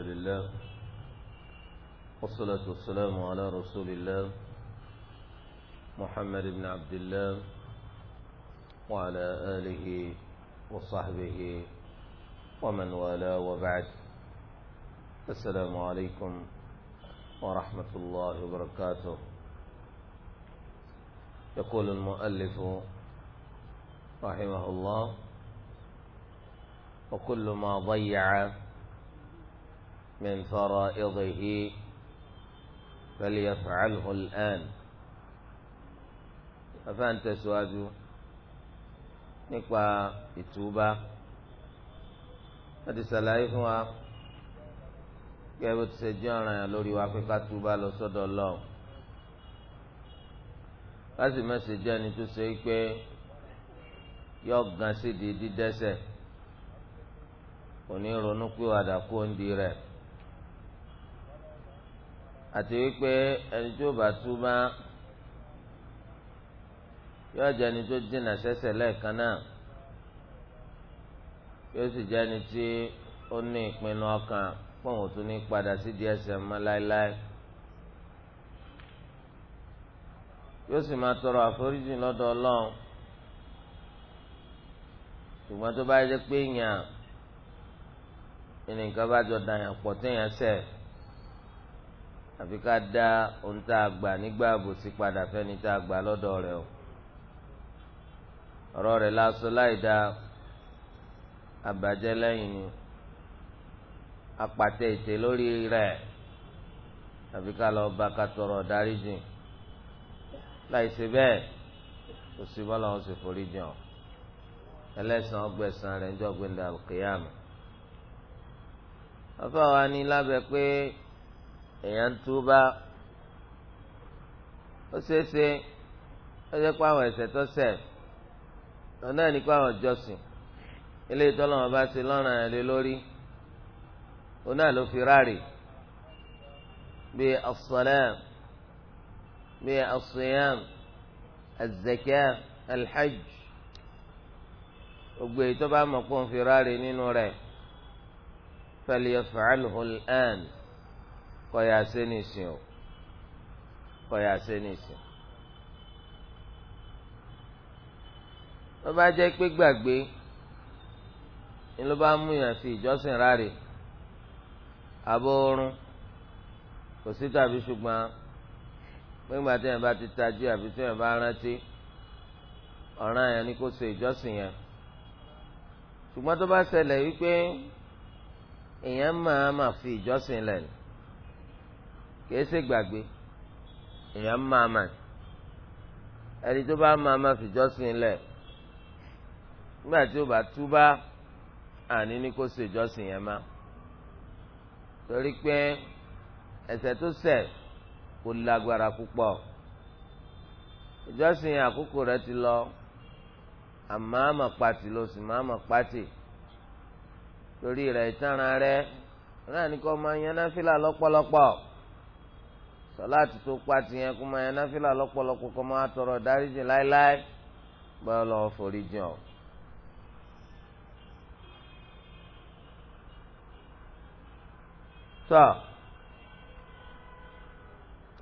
لله والصلاة والسلام على رسول الله محمد بن عبد الله وعلى آله وصحبه ومن والاه وبعد السلام عليكم ورحمة الله وبركاته يقول المؤلف رحمه الله وكل ما ضيع من فرائضه فليفعله الآن أفأنت سواجه nípa ìtúbá láti ṣàlàyé fún wa gẹ́gẹ́ bó ti ṣe jẹ́ ọ̀ràn yàn lórí wa pé ká túbá lọ sọ́dọ̀ Ọlọ́run láti mẹ́sẹ̀ jẹ́ ẹni tó ṣe pé yọ gan sídìí dídẹ́sẹ̀ òní ronú pé wàdà kó ń di rẹ̀ àti wípé ẹni tó bá túbá yóò jẹ ẹni tó dínà sẹ́ṣẹ̀ lẹ́ẹ̀kan náà yóò sì jẹ ẹni tí ó ní ìpinnu ọkàn pọ̀wọ́n tó ní padà sí díẹ̀ ẹ̀ṣẹ̀ mọ́ láéláé yóò sì máa tọrọ àforíjì lọ́dọ̀ Ọlọ́run ṣùgbọ́n tó bá yẹ pé èèyàn ẹnìkan bá jọ dàyàn pọ̀ téèyàn ṣẹ̀ àfi ká dá ohun tá a gbà nígbà àbòsí padà fẹ́ni tá a gbà lọ́dọ̀ rẹ̀ o ọ̀rọ̀ rẹ̀ lásán láì dá àbàjẹ́ lẹ́yìn ni apàtẹ ètè lórí rẹ̀ àfi ká lọ bá ká tọrọ dáríjì láì ṣe bẹ́ẹ̀ kò sí bọ́lá wọn sì forí jìn ọ́ ẹlẹ́sàn ọgbẹ̀sán rẹ̀ ń jọ́ gbẹ̀ndà kìyàmù. ọfọ wa ní lábẹ́ pé èèyàn ń túbá ó ṣeéṣe ó jẹ́ pé àwọn ẹ̀ṣẹ̀ tó ṣẹ̀ lọ́n náà ní pé àwọn ìjọsìn eléyìí tó lọ́wọ́ bá ṣe lọ́rùn ẹ̀ lé lórí òun náà ló fi ráàrè bíi as-salam bíi as-siyam gbogbo èyí tó bá mọ̀ pé òun fi ráàrè nínú rẹ̀ falyaf'alhu al-an kọ́ya ṣe ní ìsìn o kọ́ya ṣe ní ìsìn. tó bá jẹ́ pé gbàgbé ni ló bá mú yàn fi ìjọsìn ráre àbọ̀ oorun kò sí tàbí ṣùgbọ́n nígbà tí yẹn bá ti tají àbí tí yẹn bá rántí ọ̀ràn yẹn ni kò ṣe ìjọsìn yẹn ṣùgbọ́n tó bá ṣẹlẹ̀ wípé èèyàn máa ma fi ìjọsìn lẹ̀ ni kìí ṣe gbàgbé èèyàn máa mà ẹni tó bá máa ma fìjọ́sìn lẹ̀ nígbà tí ó bá túbá àní ní kó ṣe ìjọ́sìn yẹn má torí pé ẹ̀ṣẹ̀ tó ṣẹ̀ kò lágbára púpọ̀ ìjọ́sìn àkókò rẹ̀ ti lọ àmọ́ àmọ́ ló sì máa mọ̀ torí rẹ̀ ìtara rẹ̀ náà máa yan náfìlà lọ́pọ̀lọpọ̀ sọláàtì tó pa tìyẹn kó máa yan náfìlà lọ́pọ̀lọpọ̀ kó máa tọrọ dáríjì láéláé báyọ̀ lọ́wọ́ forí jìn ọ́. tọ́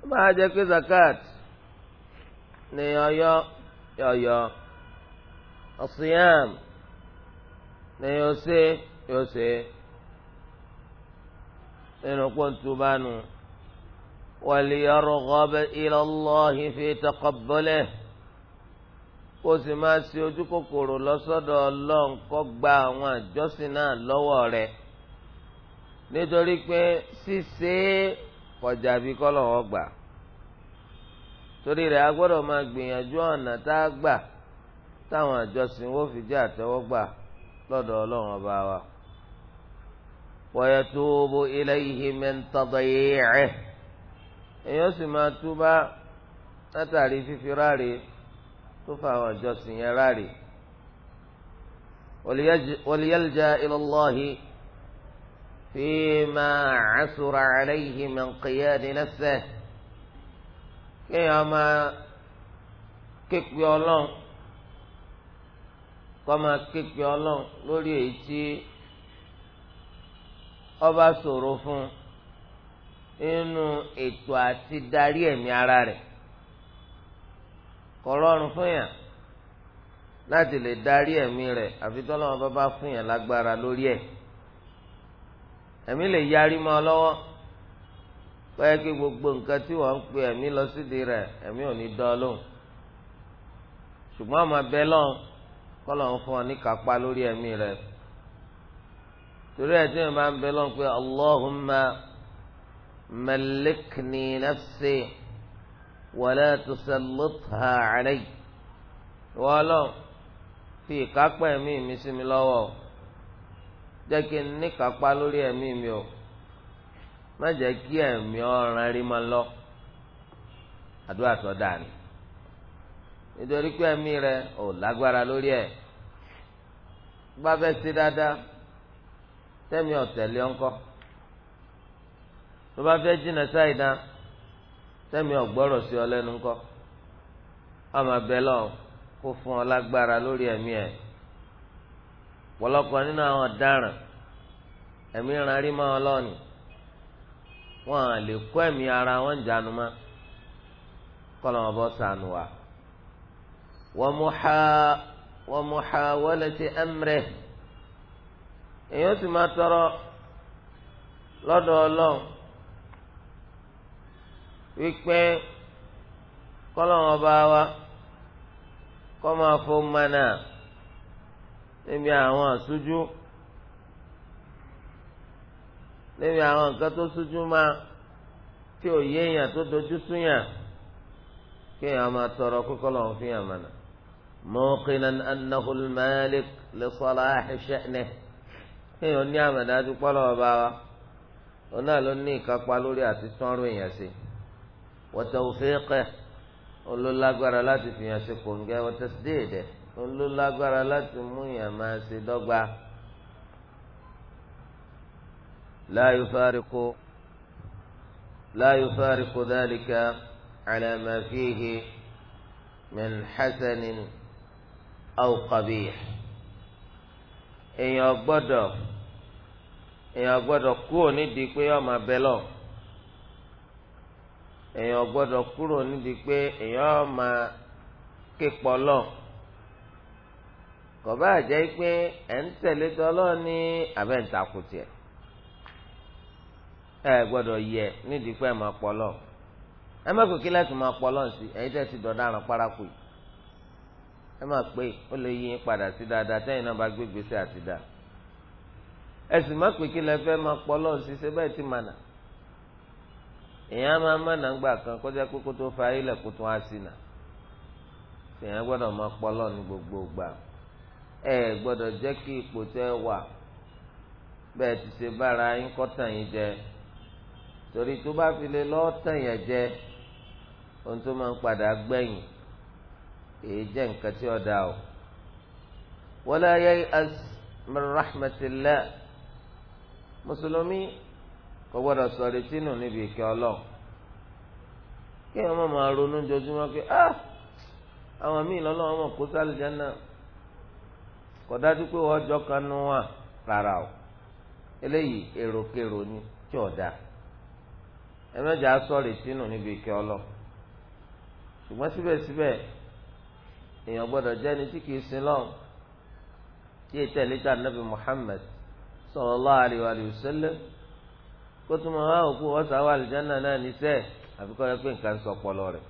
ó máa jẹ́ pé zakat ní ọyọ́ yọ̀yọ́ ọ̀sìyàm ní yóò ṣe yóò ṣe nínú pọ́ńtù bánu. وليرغب إلى الله في تقبله kó sì máa ṣe ojú kòkòrò lọ́sọ́dọ̀ ọlọ́run kó gba àwọn àjọsìn náà lọ́wọ́ nítorí pé torí rẹ a máa gbìyànjú ọ̀nà tá a gbà táwọn àjọsìn fi ọba wa. èèyàn sì máa túbá látàrí fífi ráre tó fa àwọn ìjọsìn yẹn ráre wàlíyàlìjà ilọ́láhi fi máa àṣùrà àlẹ́yìí mẹ́ǹkìyà nínáṣẹ́ kéèyàn máa képe ọlọ́run kọ́ máa képe ọlọ́run lórí èyí tí ọba ṣòro fún un. nínú ètò àti darí ẹ̀mí ara rẹ̀ kò fún yàn láti lè darí ẹ̀mí rẹ̀ àfi tọ́lọ́wọ́n bá bá fún yàn lágbára lórí ẹ̀ ẹ̀mí lè yarí mọ́ ọ lọ́wọ́ gbogbo nǹkan tí wọ́n ń pe ẹ̀mí lọ sídìí rẹ̀ ẹ̀mí ò ní dán lóhùn ṣùgbọ́n àmọ́ bẹ́ẹ̀ lọ́n kọ́ fún ọ ní lórí ẹ̀mí rẹ̀ torí ẹ̀ tí wọ́n bá ń bẹ́ẹ̀ pé ملكني نفسي ولا تسلطها علي wọlọ fi ìkápá ẹ̀mí mi sí mi lọ́wọ́ o jẹ́ kí n níkápá lórí ẹ̀mí mi o má jẹ́ kí ẹ̀mí ọ̀ràn rí máa lọ àdúrà tó dáa ni nítorí pé ẹ̀mí rẹ ò lágbára lórí ẹ̀ bá fẹ́ sí dáadáa tẹ́mi ọ̀tẹ̀lẹ́ ńkọ́. tó bá fẹ́ jìnnà sáìdá sẹ́mi ọ̀gbọ́rọ̀ sí ọ lẹ́nu ńkọ́ ọmọ abẹ́ lọ kó fún ọ lágbára lórí ẹ̀mí ẹ̀ pọ̀lọpọ̀ nínú àwọn ọ̀daràn ẹ̀mí rí mọ́ ọ wọn à lè kó ẹ̀mí ara wọn jánu mọ́ kọ́lọ́ wọn bọ́ sànù wa. tọrọ lọ́dọ̀ wípé kọ́lọ́wọ́n bá wa kọ́ máa fó mánà níbi àwọn àṣojú níbi àwọn nǹkan tó ṣojú máa tí ò yé èèyàn tó dojú súnyàn kí èèyàn máa tọrọ kó kọ́lọ́wọ́n fi hàn mánà. موقنا أنه المالك لصلاح شأنه èèyàn ní àmàdájú pọ́lọ́wọ́ bá wa òun náà ló ní ìkápá lórí àti tọ́rọ èèyàn sí i. وتوفيقه olólágbára láti fi hàn sí kòǹgẹ́ wọ́tẹ́sídéèdè olólágbára láti mú yàn máa ṣe dọ́gba la yufariqu la yufariqu dhalika ala ma fihi min hasanin aw qabih èèyàn gbọ́dọ̀ èèyàn gbọ́dọ̀ kúrò nídìí pé ọmọ abẹ́lọ́ọ̀. èèyàn gbọdọ kúrò nídìí pé èèyàn máa ké lọ kọba àjẹ́ pé ẹ̀ ń tẹ̀lé tọ́lọ́ ní abẹ́ǹtakùtì ẹ gbọdọ yẹ nídìí pé ẹ máa pọlọ ẹ má kókí láti máa pọlọ sí ẹ̀yin tẹ́ dọ̀daràn paraku yìí ẹ pé ó lè yí padà sí dáadáa tẹ́yìn náà bá gbé gbèsè àti dáa ẹ sì má pé kí lẹ pọlọ sí bẹ́ẹ̀ èèyàn máa ń mọ̀nà gbà kan kó jẹ́ pé kó tó fa ayé lẹ̀ tó á sí nà èèyàn gbọ́dọ̀ ní gbogbo gbà ẹ gbọ́dọ̀ jẹ́ kí ipò tẹ́ wà bẹ́ẹ̀ ti ṣe bára yín torí tó bá fi lè lọ́ọ́ tàn yẹn jẹ ohun tó máa ń padà gbẹ̀yìn èyí jẹ́ nǹkan tí o wala mùsùlùmí kò gbọ́dọ̀ sọ̀rọ̀ sínú níbi ìkẹ́ ọlọ́run kí ọmọ máa ronú pé ah àwọn míì na mọ̀ kó sálì jẹ́nà kò dájú pé wọ́n jọ kan wà rárá o eléyìí èròkèrò ni tí ò dáa ẹ mẹ́jà sọ̀rọ̀ sínú níbi ìkẹ́ ọlọ́run ṣùgbọ́n síbẹ̀síbẹ̀ èèyàn gbọ́dọ̀ jẹ́ ni tí kìí sin lọ́run tí nabi kó tún mọ àwọn òkú ọ̀sà wà nise náà níṣẹ́ àfikọ́ yẹ pé nǹkan sọ pọlọ rẹ̀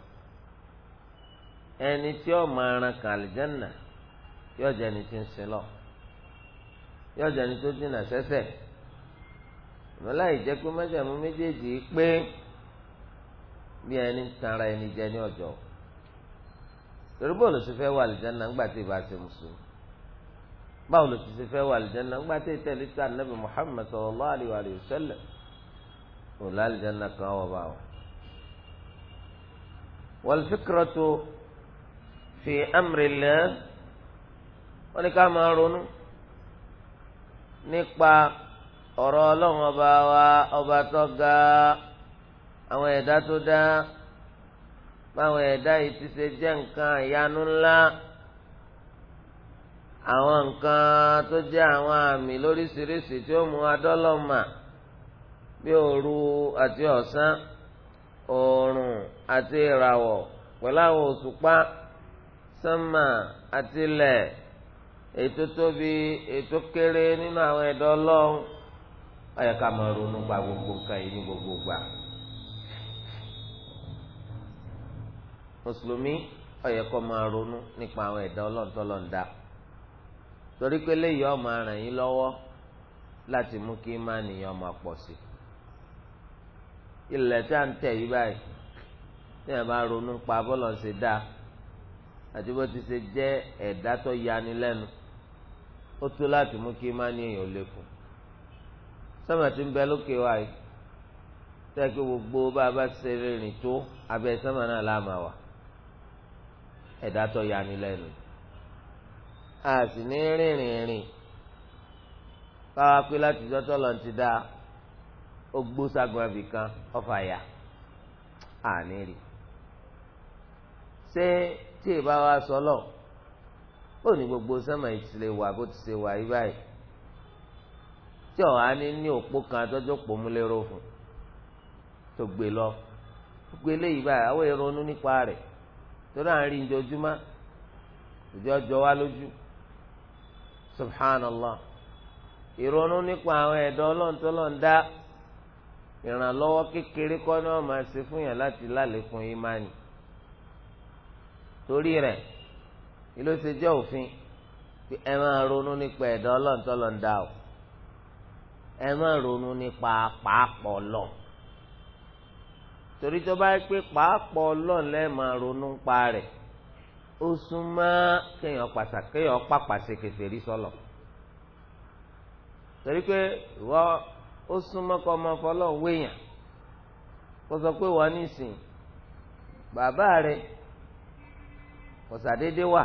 ẹni tí ó máa ran kan àlùjáná yóò jẹ́ ẹni tí ń sin lọ yóò jẹ́ ẹni tó dínà sẹ́sẹ̀ ìmọ̀ láì jẹ́ pé mọ́jàmú méjèèjì pé bí ẹni tanra ẹni jẹ ní ọjọ́ torí bó ló ti fẹ́ wà àlùjáná ńgbà tí ìbá ti mùsùlùmí báwo Muhammad kò lálìjáná kan wọ̀ bá wọn. wàlùfíkìrọ̀tò fi amúrìlẹ̀ wọ́n ní ká máa ronú nípa ọ̀rọ̀ ọlọ́run ọba wa ọba tó ga àwọn ẹ̀dá tó dá báwọn ẹ̀dá yìí ti ṣe jẹ́ nǹkan ìyanu ńlá àwọn nǹkan tó jẹ́ àwọn àmì lóríṣiríṣi tí ó mú adọ́lọ́mà bí òru àti ọ̀sán oòrùn àti ìràwọ̀ pẹ̀lú àwọn òṣùpá sánmà àti ilẹ̀ ètò tóbi ètò kéré nínú àwọn ẹ̀dọ́ ọlọ́run ọ̀yẹ̀ ká máa ronú gba gbogbo nǹkan yìí ní gbogbo gbà. mùsùlùmí ọ̀yẹ̀ kọ́ máa ronú nípa àwọn ẹ̀dá ọlọ́run tọ́lọ́run dá torí pé léyìí ó máa ràn yín lọ́wọ́ láti mú kí má nìyẹn ó pọ̀ sí i ilẹ̀ tá à ń tẹ̀ yí báyìí tí ẹ̀ bá ronú pa bọ́lọ̀ ṣe dá àti bó ti ṣe jẹ́ ẹ̀dá tó yani lẹ́nu ó tó láti mú kí má ní èèyàn lékun sọ́mà tí ń bẹ lókè wá yìí tẹ́ kí gbogbo bá a bá ṣe rìnrìn tó abẹ́ sọ́mà náà láàmà wà ẹ̀dá tó yani lẹ́nu a sì ní rìnrìn rìn káwá pé látijọ́ tọ́lọ́ ti dáa ó gbó ságun abì kan ọfà yà àní rí ṣé tí ì bá wa sọ lọ ó ní gbogbo sẹ́mà ìtìlẹ̀ wà bó ti ṣe wà yí báyìí tí ọ̀hún á ní ní òpó kan tọ́jú pòmúlérò fún tó gbé lọ gbogbo eléyìí báyìí àwọn ìrònú nípa rẹ̀ torí à rí njojúmọ́ ìjọ jọ wá lójú subhanallah ìrònú nípa àwọn ẹ̀dọ́ ọlọ́ntọ́lọ́ ń ìrànlọ́wọ́ kékeré kọ́ ni wọ́n máa ṣe fún yàn láti lálékún ìmánì torí rẹ̀ ìlú ti jẹ́ òfin pé ẹ máa ronú nípa ẹ̀dá ọlọ́run tó lọ ń dá o ẹ máa ronú nípa pàápọ̀ lọ torí tó bá yẹ pé pàápọ̀ ọlọ́run lẹ́ máa ronú pa rẹ̀ ó súnmọ́ kéèyàn pàṣà kéèyàn pàpàṣẹ kẹfẹ́ rí sọ́lọ̀ torí pé wọ́n ó súnmọ́ kọ́ ọmọ fọlọ́ wéèyàn kó sọ pé wọ́n ní ìsìn bàbá rẹ kò sàdédé wà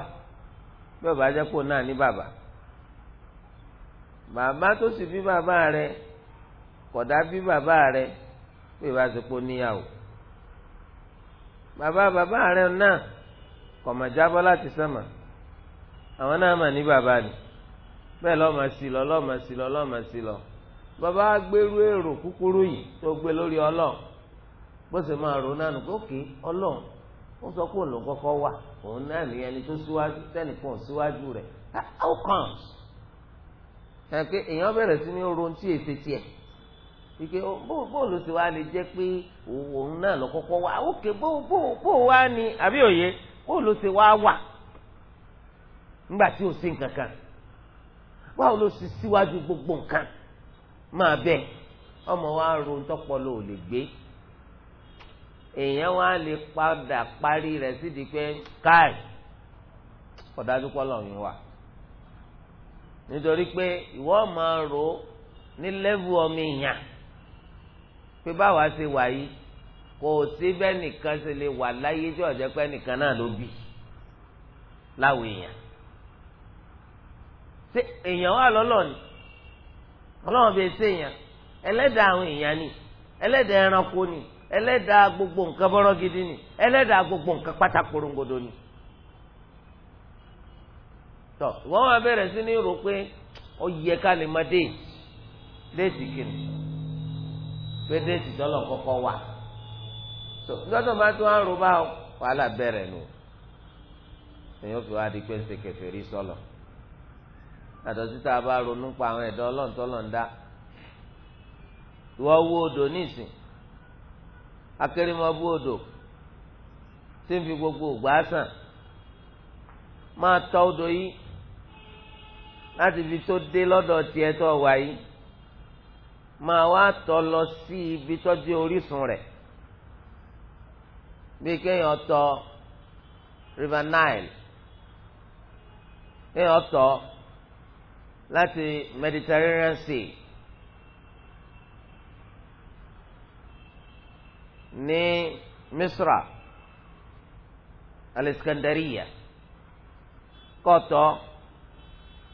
bí ọba jẹ́ kó náà ní bàbá bàbá tó sì bí bàbá rẹ kọ̀dá bí bàbá rẹ pé ìbá ti pọ̀ níyàwó bàbá bàbá rẹ náà kọ̀mọ̀ jábọ́ láti sánmà àwọn náà mà ní bàbá ni bẹ́ẹ̀ lọ́ọ́ mà sí lọ lọ́ọ́ mà sí lọ lọ́ọ́ mà sí lọ. Lo, bàbá gbèrú èrò kúkúrú yìí tó gbé lórí ọlọ́run bó ṣe máa rò náà gòkè kí ó sọ pé òun kọ́kọ́ wà òun náà ẹni tó síwájú síwájú rẹ̀ how comes ẹ pé èèyàn bẹ̀rẹ̀ sí ní ro tí èsì tiẹ̀ ike bóòlù sì wá jẹ́ pé òun náà lọ kọ́kọ́ wà ókè bóò ni àbí òye bóòlù sì wá wà nígbà tí ò sí nǹkan máa bẹ ọmọ wa ro ntọpọlọ ò lè gbé èèyàn wa lè padà parí rẹ̀ sídìí pé káì kọdájú pọlọ yín wà nítorí pé ìwọ máa ro ní lẹ́vù ọmọ èèyàn pé báwa ṣe wà yìí kò sí bẹ́ẹ̀ nìkan ṣe lè wà láyé tí ọ̀jẹ̀ pẹ́ nìkan náà ló bì láwọn èèyàn ṣé èèyàn wà lọ́lọ́ ni. ọlọ́run bẹ ṣe èèyàn ẹlẹ́dàá àwọn èèyàn ni ẹlẹ́dàá ẹranko ni ẹlẹ́dàá gbogbo nǹkan bọ́rọ́ gidi ni ẹlẹ́dàá gbogbo nǹkan pátá ni. tọ ìwọ wa bẹ̀rẹ̀ sí ní rò pé ó ká lè máa dé déètì kiri pé déètì tọ́lọ̀ kọ́kọ́ wà. tó dọ́tọ̀ bá tún á bá wàhálà bẹ̀rẹ̀ nù èèyàn fi wá di pé ń ṣe yàtọ̀ sí tá a bá ronú pa àwọn ẹ̀dọ́ ọlọ́ọ̀tọ́lọ́ọ̀dá ìwọ wo odò nísìn akérèmọ́bù odò tí ń fi gbogbo ògbà sàn máa tọ́ odò yìí láti fi tó dé lọ́dọ̀ tiẹ̀ tó wà yìí máa wá tọ́ lọ sí ibi tó orísun rẹ̀ bí kéèyàn tọ́ river nile kéèyàn tọ́ láti Mediterranean Sea ní Misra Alexandria kọtọ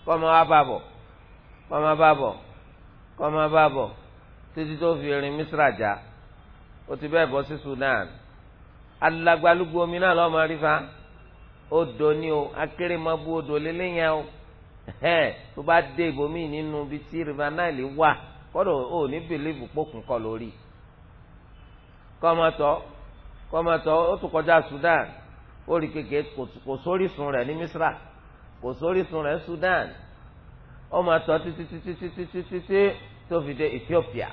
kọmọ ababọ kọmọ ababọ kọmọ ababọ títí tó fi rin Misra já o ti bẹ́ẹ̀ bọ́ sí Sudan alagbalugbo omi náà lọ́ọ́ máa rí fa odò ni o akérèmọ́bù odò lélẹ́yìn o ẹ̀hẹ́n tó bá dé ibòmíì nínú ibi tí river nile wà kọ́dọ̀ ò ní bìlíìfù pókùn kọ lórí kọ́mọtọ́ kọ́mọtọ́ ó tún kọjá Sudan ó rí kékeré kò sórísun rẹ̀ ní Misra kò sórísun rẹ̀ Sudan ọmọ àtọ títí títí títí títí tí tó fi dé Ethiopia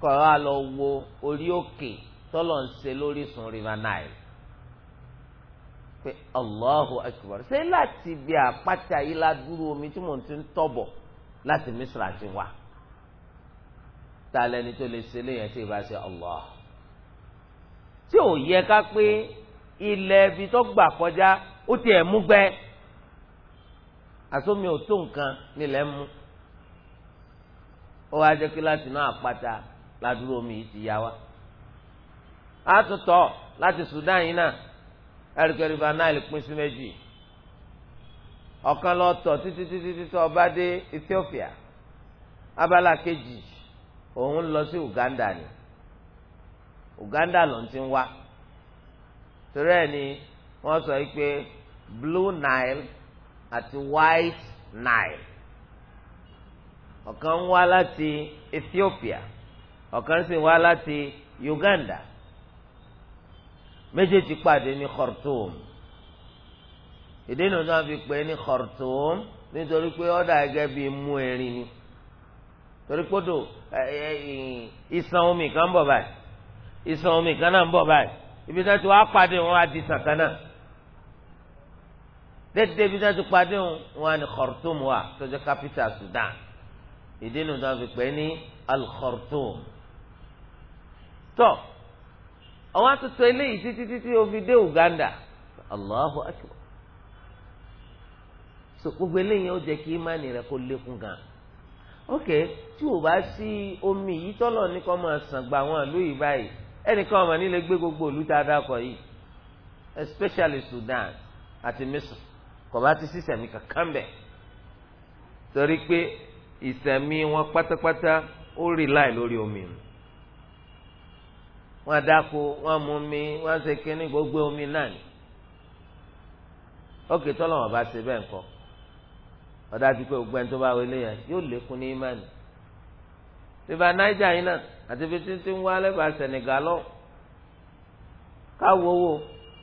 kọ́ ọ lọ wo orí òkè tọ́lọ̀ ń ṣe lórísun river nile pé allahu akbar ṣé láti bí àpáta yìí la dúró omi tí mò ń ti ń tọ̀bọ̀ láti misra ti wá ta lẹni tó lè ṣe léyìn tí ìbá ṣe allah tí ò yẹ ká pé ilẹ̀ ibi tó gbà kọjá ó tiẹ̀ mú gbẹ àsómi ò tó nǹkan nílẹ̀ mú ó wá jẹ́ kí láti náà àpáta la dúró omi yìí ti yá wa a tún tọ̀ láti Sudan yìí náà ẹ̀ríkẹ́ river nile pín sí méjì ọ̀kan lọ tọ̀ títí títí títí ọba dé Ethiopia abala kejì òun lọ sí Uganda ni Uganda ló ń wá torí ẹ̀ ni wọ́n sọ pé Blue Nile àti White Nile ọ̀kan ń wá láti Ethiopia ọ̀kan sì wá láti Uganda méjèèjì pàdé ní Khartoum ìdí nínú tí wọ́n fi pè é ní Khartoum nítorí pé ọ̀dà gẹ́gẹ́ bí mú erin ni torí kódò ìsàn omi kan ń bọ̀ báyìí ìsàn omi kan náà ń bọ̀ báyìí ibi tí wọ́n ti wá pàdé wọn á di sàn náà dédé ibi tí wọ́n ti pàdé wọn á ní Khartoum wa tó kápítà Sudan ìdí nínú tí fi pè é ní al tó. So, àwọn àtúntò eléyìí títí títí ó fi dé Uganda Allahu akbar so gbogbo eléyìí ó jẹ kí imáni rẹ kó lékún gan ok tí o bá sí omi yìí tọ́lọ̀ ní kọ́ máa sàn gba àwọn ìlú yìí báyìí ẹnìkan ọmọ nílé gbé gbogbo ìlú tá a dákọ̀ yìí especially Sudan àti Misr kò bá ti sí sẹ̀mí kankan bẹ̀ torí pé ìsẹ̀mí wọn pátápátá ó rely lórí omi mu wọ́n dáko wọ́n mú mi wọ́n ṣe kínní gbogbo omi náà ni ókè tọ́lọ̀ wọn bá ṣe bẹ́ẹ̀ kọ́ ọ̀dà ti pé ògbẹ́ni tó bá wọlé yẹn yóò lékún ní imáni bíbá Niger yìí náà àti bí títí ń wá lẹ́bà Senegal lọ káwọ owó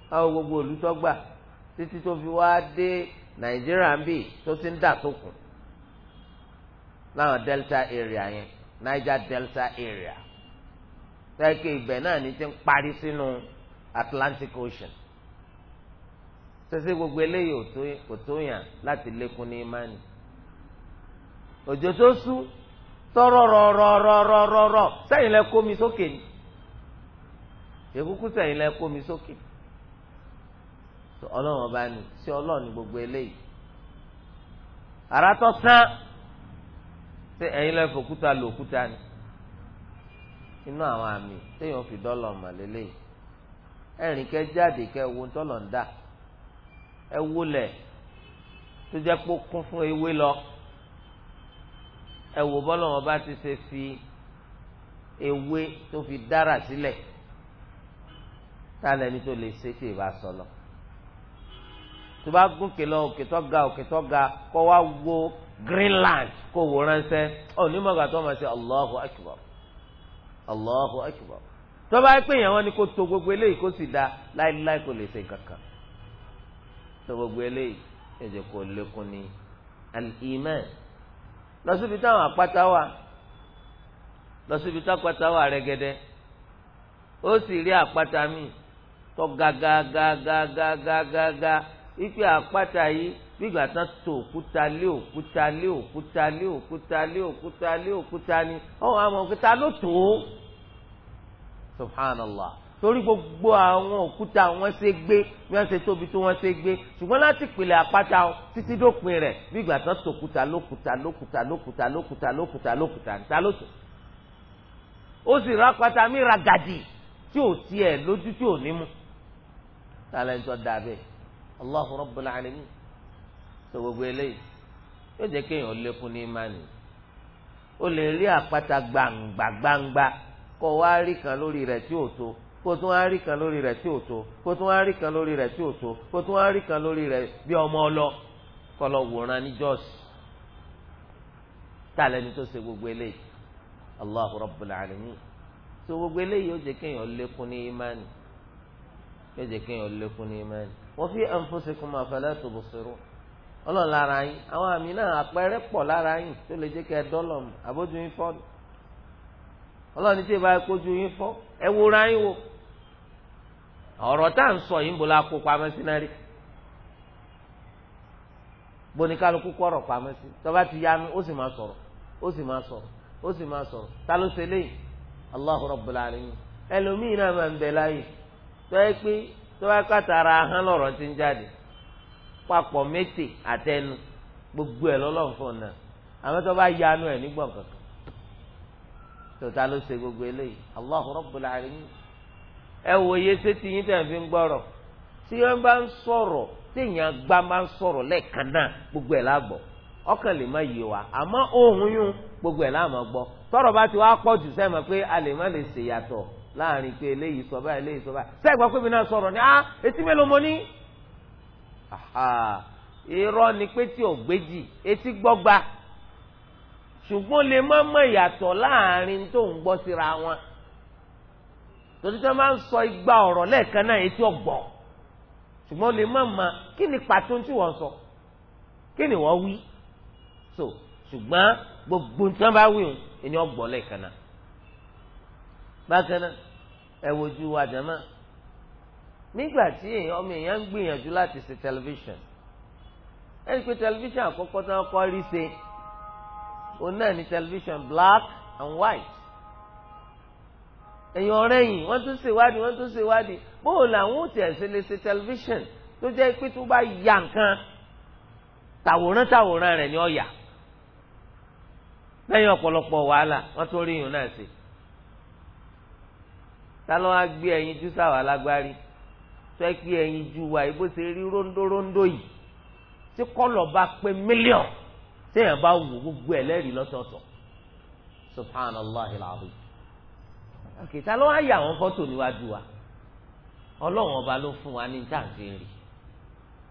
káwọ gbogbo olùtọ́gbà títí tó fi wá dé Nàìjíríà ń bì tó ti ń dà tó kù láwọn Delta area yẹn Niger Delta area sẹ́kẹ̀ ibẹ̀ náà ní ti ń parí sínú Atlantic Ocean sẹ́sẹ́ gbogbo eléyìí kò tó yàn láti lékún ní imáni òjò tó sú tọrọ rọrọrọrọrọ sẹ́yìn lẹ kó mi sókè ni èkúkú sẹ́yìn lẹ kó mi sókè ọlọ́run ọba ni sí ọlọ́run ní gbogbo eléyìí àràtọ̀ sán ṣé ẹ̀yin lẹ fòkúta lòkúta ni inú àwọn àmì téèyàn fi dọ́lọ̀ mọ̀ lélẹ̀ ẹ̀rìn kẹ́ jáde kẹ́ wo tọ́lọ̀ ń dà ẹ wólẹ̀ tó jẹ́ pé ó kún fún ewé lọ ẹ wò bọ́lọ̀ wọn bá ti ṣe fi ewé tó fi dára sílẹ̀ tálẹ̀ ní tó lè ṣe tí ìbá sọ lọ tó bá gòkè lọ òkè tó ga òkè tó ga kó wá wo Greenland kó wò ránṣẹ́ onímọ̀gà tó máa ṣe Allahu Akbar Allahu akbar tó bá pè yàn wọn ni kò to gbogbo eléyìí kó sì da láéláé kò lè ṣe kankan tó gbogbo eléyìí ẹ̀jẹ̀ kò lékún ní al-iman lọ́sibí táwọn àpáta wà lọ́sibí tápáta wà ó sì rí àpáta míì tó ga ipe àpáta yìí gbígbà tán tó òkúta lé òkúta lé òkúta lé òkúta lé òkúta lé òkúta ni ọ̀hún àwọn òkúta ló tó subhanallah torí gbogbo àwọn òkúta wọn ṣe gbé bí wọn ṣe tóbi tó wọn ṣe gbé ṣùgbọ́n láti pèlè àpáta o títí dópin rẹ̀ bí ìgbà tán tòkúta lókúta lókúta lókúta lókúta lókúta lókúta níta lóṣù ó sì rápáta mí ragadi tí ò tiẹ̀ lójú tí ò ní mú. tálẹ̀ ń tọ́ da bẹ́ẹ̀ Allahu Rabbul Alamin tó gbogbo eléyìí yóò jẹ́ kéèyàn lékún ní ìmánì o lè rí àpáta gbangba gbangba kó wá rí kan lórí rẹ̀ tí ò tó kó tún wá rí kan lórí rẹ̀ tí ò tó kó tún wá rí kan lórí rẹ̀ tí ò tó kó tún wá rí kan lórí rẹ̀ bí ọmọ ọlọ kó lọ wòran ní jọ́ọ̀sì tá lẹni tó ṣe gbogbo eléyìí allahu rabbul alamin so gbogbo eléyìí yóò jẹ́ kéèyàn lékún ní ìmánì yóò jẹ́ kéèyàn lékún ní ìmánì wa fi anfusikum afala tubsirun ọlọ́run lára yín àwọn àmì náà àpẹẹrẹ pọ̀ lára yín tó lè jẹ́ kẹ́ ẹ dọ́lọ̀ mọ́ àbójú yín fọ́ ọlọ́run tí ìbá kojú yín fọ́ ẹ wo ra yín wo ọ̀rọ̀ tá à ń sọ yìí ń bo la kó pamọ́ sí náà rí bóni kálukú kọ̀rọ̀ pamọ́ sí tọ́ba ti yanu ó sì máa sọ̀rọ̀ ó sì máa sọ̀rọ̀ ó sì máa sọ̀rọ̀ ta ló ṣe léyìn Allahu Rabbul Alamin ẹlòmíì náà máa ń bẹ láàyè tọ́ ẹ pé tọ́ba kàtàrà ahọ́n lọ̀rọ̀ ti ń jáde papọ̀ mẹ́tẹ̀ àtẹnu gbogbo ẹ̀ lọ́lọ́run fún un náà àwọn tó bá yanu ẹ̀ nígbọ̀n kankan tòtá ló ṣe gbogbo eléyìí Allahu Rabbul Alamin ẹ wòye sétí yín tẹ̀ fi ń gbọ́rọ̀ tí wọ́n bá ń sọ̀rọ̀ téèyàn gbá máa ń sọ̀rọ̀ lẹ́ẹ̀kan náà gbogbo ẹ̀ lágbọ̀ ọkàn lè má yé wa àmọ́ ohun yún gbogbo ẹ̀ láàmú gbọ́ tọ́rọ̀ bá ti wá pọ̀ jù sẹ́mọ̀ pé a lè má lè ṣèyàtọ̀ láàrin pé eléyìí sọ báyìí eléyìí sọ báyìí sẹ́gbọ́n pé mi náà sọ̀rọ̀ ni ah etí mélòó mo ní irọ́ ni pé tí ò gbéjì etí gbọ́gba ṣùgbọ́n lè má mọ ìyàtọ̀ láàrin tó ń gbọ́ síra wọn torí tí wọ́n máa ń sọ igba ọ̀rọ̀ lẹ́ẹ̀kan náà etí ọ̀gbọ̀ ṣùgbọ́n lè má mọ kí ni pàtó tí wọ́n sọ kí ni wọ́n wí so ṣùgbọ́n gbogbo tí wọ́n bá wí òun ẹni ọ̀gbọ̀ lẹ́ẹ̀kan náà bákan náà ẹ wojú wa jẹ́ náà nígbà tí ọmọ èèyàn ń gbìyànjú láti ṣe tẹlifíṣàn ẹni pé tẹlifíṣàn àkọ́kọ́ tí wọ́n kọ́ rí ṣe òun náà ni tẹlifíṣàn black and white èèyàn ọ̀rẹ́ yìí wọ́n tún ṣèwádìí wọ́n tún ṣèwádìí bóun làwọn ò tiẹ̀ ṣe lè ṣe tẹlifíṣàn tó jẹ́ pé tó bá ya nǹkan tàwòrán tàwòrán rẹ̀ ni ó yà lẹ́yìn ọ̀pọ̀lọpọ̀ wàhálà wọ́n tún rí yìí náà ṣe ta ló wá gbé ẹyin júṣà wà lágbárí tó ẹ pé ẹyin ju wa ibo ṣe rí rondórondó yìí tí kọlọ bá pé mílíọ̀n téèyàn bá wò gbogbo ẹ lẹ́rìí lọ́sọ̀ọ̀sọ̀ subhanallah ilaahu kìtà ló wá yà wọn fọ́tò níwájú wa ọlọ́run ọba ló fún wa ní táǹtì rí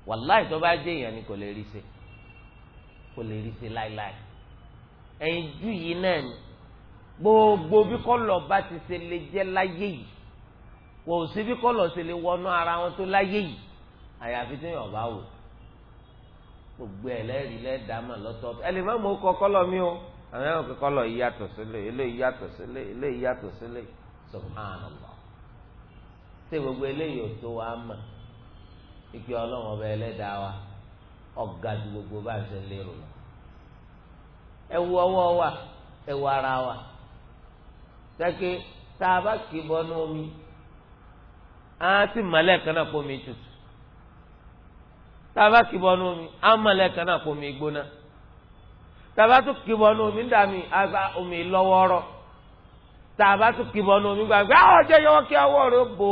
wàláì tó bá jẹ èèyàn ni kò lè rí ṣe kò lè rí ṣe láéláé ẹyin ju yìí náà ni gbogbo bí kọlọ bá ti ṣe lè jẹ láyé yìí wò ó síbi kọlọ̀ ṣe lè wọnú ara wọn tó láyé yìí àyàfi tí yọ̀ọ̀ bá wò gbogbo ẹ̀ lẹ́rìí lẹ́dàámọ̀ lọ́tọ̀ọ̀tọ̀ ẹ lè má mọ kọ kọlọ̀ mi o àwọn ẹ̀rọ kọ kọlọ̀ yìí yàtọ̀ sílẹ̀ eléyìí yàtọ̀ sílẹ̀ eléyìí yàtọ̀ sílẹ̀ subhanallah ṣé gbogbo eléyìí ò tó wa mọ̀ ike ọlọ́run ọba ẹlẹ́dàá wa ọ̀gá ju gbogbo bá ṣe ń lérò lọ ẹ wo ọwọ́ wa ẹ wo ara wa ṣé kí tá a bá kì í bọ́nú omi á sì mọ̀lẹ́ kan náà fomi tutù tàbá kì bọ́nú omi á mọ̀lẹ́ kan náà fomi gbóná tàbá tún kì bọ́nú omi ń dà omi lọ́wọ́rọ́ tàbá tún kì bọ́nú omi gbàgbé àwọn ọjọ́ yọ kí ọwọ́ rẹ bo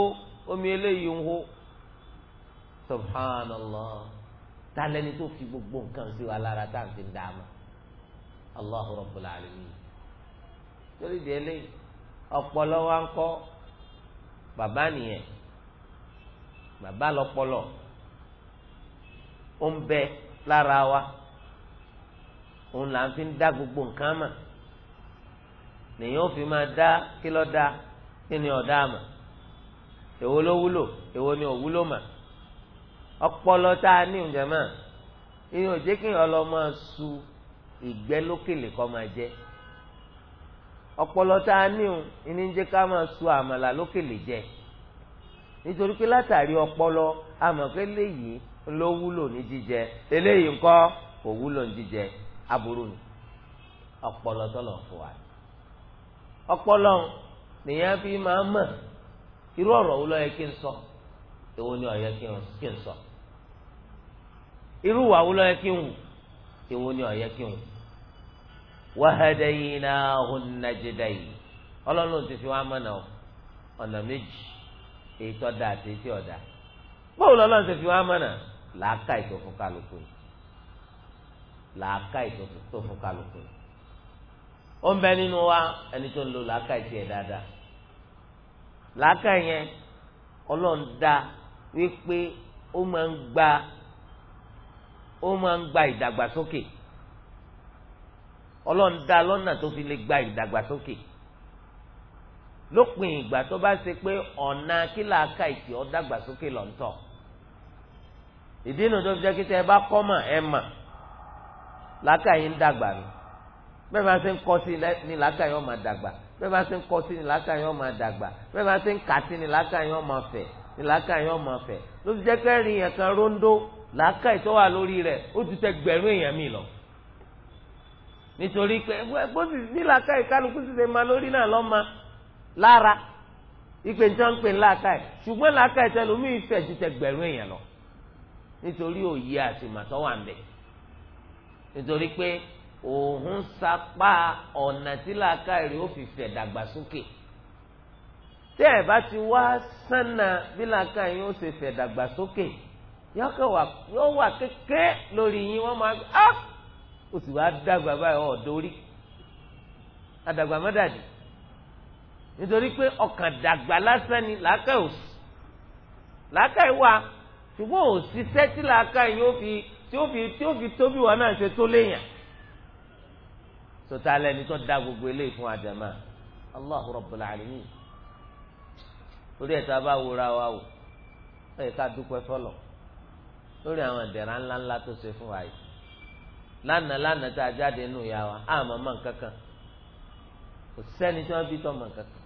omi eléyìí ń hó subhanallah ta lẹni tó fi gbogbo nǹkan sí wa lára tá à ń fi dá a mọ allahu rabbul alamin torí di eléyìí ọpọlọ wa ń kọ bàbá bàbá lọpọlọ ó ń bẹ lára wa òun là ń fi dá gbogbo nǹkan mà lèyìn ó fi máa dá kí ló dá kí ni ọ̀dá mà èwo ló wúlò èwo ni ò wúlò mà ọpọlọ tá a ní ìjọ mà ìyẹn ò jẹ́ kí ọlọ máa su ìgbẹ́ lókèlè kọ́ máa jẹ́ ọpọlọ tá a ní ìní ń jẹ́ ká máa su àmàlà lókèlè jẹ́ nítorí pé látàrí ọpọlọ àmọ́ pé léyìí ló wúlò ní jíjẹ eléyìí ńkọ́ kò wúlò ní jíjẹ aburú ni ọpọlọ tọlọ fún wa ọpọlọ nìyẹn fi máa mọ̀ irú ọ̀rọ̀ wo ló yẹ kí n sọ èwo ni ó kí n sọ irú ìwà wo ló yẹ kí n wù èwo ni ó kí n wù wahadaynahu najdayn ọlọ́run ti fi wá mọ̀nà ọ̀nà méjì èyí tó da àti èyí tí ọ̀dà báwo lọ́lọ́run ṣe fi wá mọ̀nà làákà ètò fún kálukú làákà ètò tó wa ẹni tó ń lo làákà ètò ẹ̀ dáadáa làákà yẹn ọlọ́run dá wípé ó máa ń gba ó máa ń gba ìdàgbàsókè ọlọ́run fi lè gba ìdàgbàsókè. lópin ìgbà tó bá ṣe pé ọ̀nà kílà ká ìtì ọ́ dàgbàsókè lọ́ntọ̀ ìdí inú tó fi jẹ́ kí tẹ́ ẹ bá kọ́ mà ẹ mà làákàyè ń dàgbà ni bẹ́ẹ̀ bá ṣe ń kọ́ sí ni làákàyè ọ̀ máa dàgbà bẹ́ẹ̀ bá ṣe ń kọ́ sí ni làákàyè ọ̀ máa dàgbà bẹ́ẹ̀ bá ṣe ń kà sí ni làákàyè ọ̀ máa fẹ̀ ni làákàyè ọ̀ máa fẹ̀ ló fi jẹ́ kẹ́rin yẹn kan róńdó làákàyè tó wà lórí rẹ̀ ó ti tẹ gbẹ̀rún èèyàn mi lọ nítorí pé bó sì ní làákàyè kálukú sì lára ìpè tí wọ́n ń pè ní làákàyè ṣùgbọ́n làákàyè tẹlómìí fẹ̀ ju tẹgbẹ̀rún èèyàn lọ nítorí òye àti màtọ́ wà ń bẹ̀ nítorí pé òun sapá ọ̀nà tí làákàyè rẹ̀ ó fi fẹ̀ dàgbàsókè tẹ́ ẹ̀ bá ti wá sánà bí làákàyè yóò ṣe fẹ̀ dàgbàsókè yóò wà kékeré lórí yín wọ́n máa á ah! ó sì wá dàgbà báyìí ọ̀dọ́ orí àdàgbà mọ́dàdì nítorí pé ọkàn dàgbà lásán ni làákà ò sí làákà ìwà ṣùgbọ́n ò ṣiṣẹ́ tí làákà yóò fi tí ó fi tí ó fi tóbi wà náà ṣe tó léèyàn sọta lẹni tó da gbogbo eléyìí fún àdàmà Allahu Rabbul Alamin torí ẹ̀ta bá wúra wa o ẹ̀ ká dúpẹ́ fọlọ̀ lórí àwọn ìdẹ̀ra ńláńlá tó ṣe fún wa yìí lánàá lánàá tá a jáde nù yá wa àmọ́ mọ̀ nǹkan kan kò sẹ́ni tí wọ́n fi tọ́ mọ̀ nǹkan kan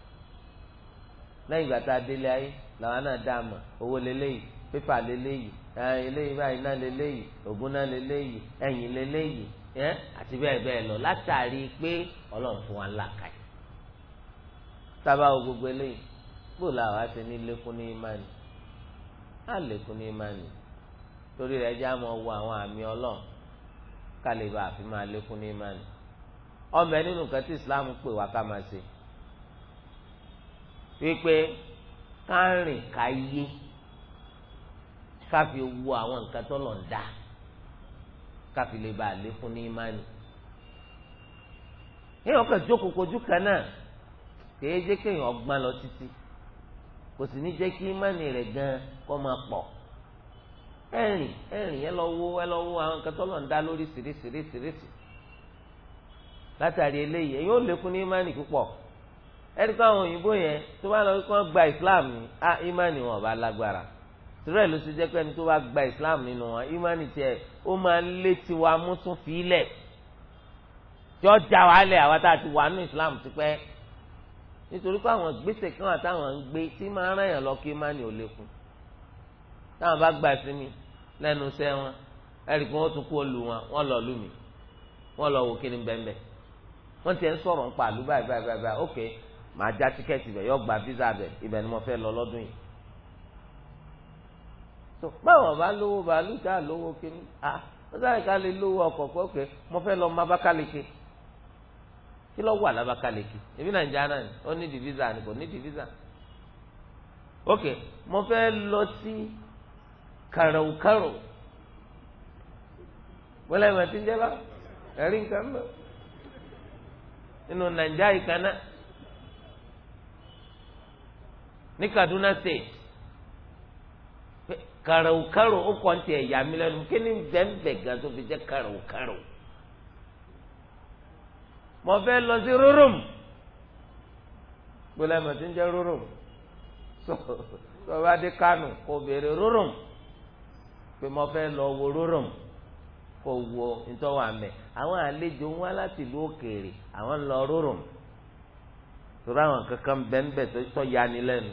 lẹ́yìn ìgbà tá a délé ayé làwọn náà dá a mọ̀ owó leléyìí pépà leléyìí eléyìí báyìí náà leléyìí ògùn náà ẹ̀yìn ẹ́ àti bẹ́ẹ̀ bẹ́ẹ̀ lọ látàrí pé ọlọ́run fún wa làkà yìí. sábà wo gbogbo eléyìí bó làwọn ní lékún ní ìmánì á lékún ní torí rẹ̀ já mọ̀ àwọn àmì ọmọ ẹ nínú Islam pè wá ká wípé ká rìn ká yé ká fi wo àwọn nǹkan tó lọ ń fi lè bá a fún ní ìmánì èèyàn kan jókòó kojú kan náà kèé jẹ́ kéèyàn ọgbọ́n lọ títí kò sì ní jẹ́ kí ìmánì rẹ̀ gan kó máa pọ̀ ẹ ẹ àwọn nǹkan tó lọ ń dá lórí látàrí eléyìí ò ní ẹni pé àwọn òyìnbó yẹn tó bá lọ kí wọ́n gba islam ni a imani wọn bá lágbára tìrẹ̀ ló ti jẹ́ pé ẹni tó bá gba islam nínú wọn ìmánì tiẹ̀ ó máa ń lé tiwa mú tún tí ó já wa lẹ̀ àwa tá a ti wà nínú islam tipẹ́ nítorí pé àwọn gbèsè kan àtàwọn ń gbé tí máa ràn yàn lọ kí ìmánì ò lékún táwọn bá gbà sí mi lẹ́nu iṣẹ́ wọn ẹ̀rì pé wọ́n tún kú olù wọn wọ́n lọ lù mí wọ́n lọ wò kí ni bẹ́ẹ̀ bẹ́ẹ̀ wọ́n ń sọ̀rọ̀ ń pa àlù báyìí báyìí ok màá já tíkẹ́ẹ̀tì bẹ̀ yọ gba visa bẹ̀ ibẹ̀ ni mo fẹ́ lọ lọ́dún yìí. tó báwọn bá lówó bàálù tá a lówó kíní à wọ́n sáré ká lè lówó ọkọ̀ pé mo fẹ́ lọ mọ abákáleke kí ló wà lábákáleke èmi nàìjíríà náà ni ó ní di visa ni kò ní di visa. ok mo fẹ́ lọ sí kàrọ̀kàrọ̀ wọ́n lẹ́yìn àti ń jẹ́ bá ẹ̀rí nǹkan mọ́ nínú nàìjíríà yìí kan náà ní Kaduna state kàrọ̀kàrọ̀ ó kàn tiẹ̀ yà mí lẹ́nu kí ni bẹ́ẹ̀nbẹ́ gan tó fi jẹ́ kàrọ̀kàrọ̀ mo fẹ́ lọ sí rúrùm gbọ́dọ̀ mọ̀ tí ń jẹ́ rúrùm sọba dé kánò kò béèrè rúrùm pé mo fẹ́ lọ wo rúrùm kò wo ntọ́wọ́ àmẹ́ àwọn àlejò ń wá láti ìlú òkèèrè àwọn ń lọ rúrùm tó ráwọn kankan bẹ́ẹ̀nbẹ́ tó sọ yanilẹ́nu.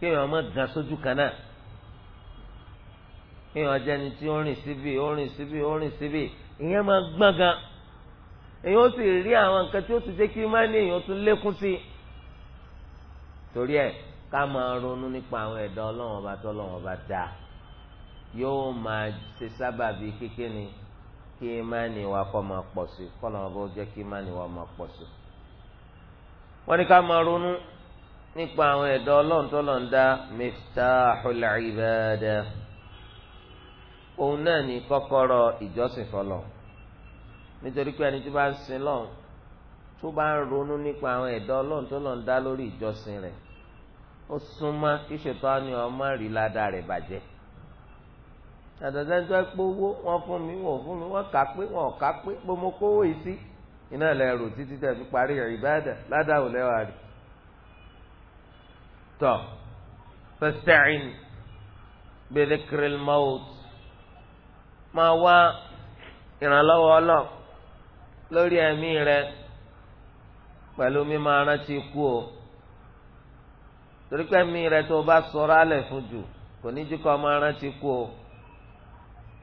kéèyàn ọmọ gan sójú kan náà kéèyàn jẹ́ ẹni tí ó rìn síbi ó rìn síbi ó rìn síbi ìyẹn máa gbọ́n gan èyàn ó sì rí àwọn nǹkan tí ó ti jẹ́ kí má ní èyàn tún lékún sí i torí ẹ̀ ká máa ronú nípa àwọn ẹ̀dá ọlọ́run ọba tó ọlọ́run ọba dá yóò máa ṣe sábàbí kékeré kí má ní wa kọ́ máa pọ̀ sí kọ́ lọ́wọ́ bó jẹ́ kí má ní wa máa pọ̀ sí. wọ́n ní ká máa ronú nípa àwọn ẹ̀dọ́ ọlọ́run tó lọ́n dá miftahul ibada òun náà ní kọ́kọ́rọ́ ìjọsìn fọlọ́ nítorí pé ẹni tó bá ń sin lọ́n tó bá ń ronú nípa àwọn ẹ̀dọ́ ọlọ́run tó lọ́n dá lórí ìjọsìn rẹ̀ ó súnmọ́ kí ṣètánì ọmọ rí ládàá rẹ̀ bàjẹ́ àtàtàjọ́ pé owó wọn fún mi wọn fún mi wọn kà pé wọn kà pé pé mo yìí sí iná lẹ́rù títí tẹ̀ fi parí ìbádà ládàá ò lẹ́wàá rẹ̀ tọ́ fasta'in bi dhikril maut máa wá ìrànlọ́wọ́ ọlọ́ lórí ẹ̀mí rẹ pẹ̀lú mímọ arántí ikú o torí pé ẹ̀mí rẹ tó o bá sọ̀rọ̀ alẹ̀ fún jù kò ní jíkọ́ ọmọ arántí ikú o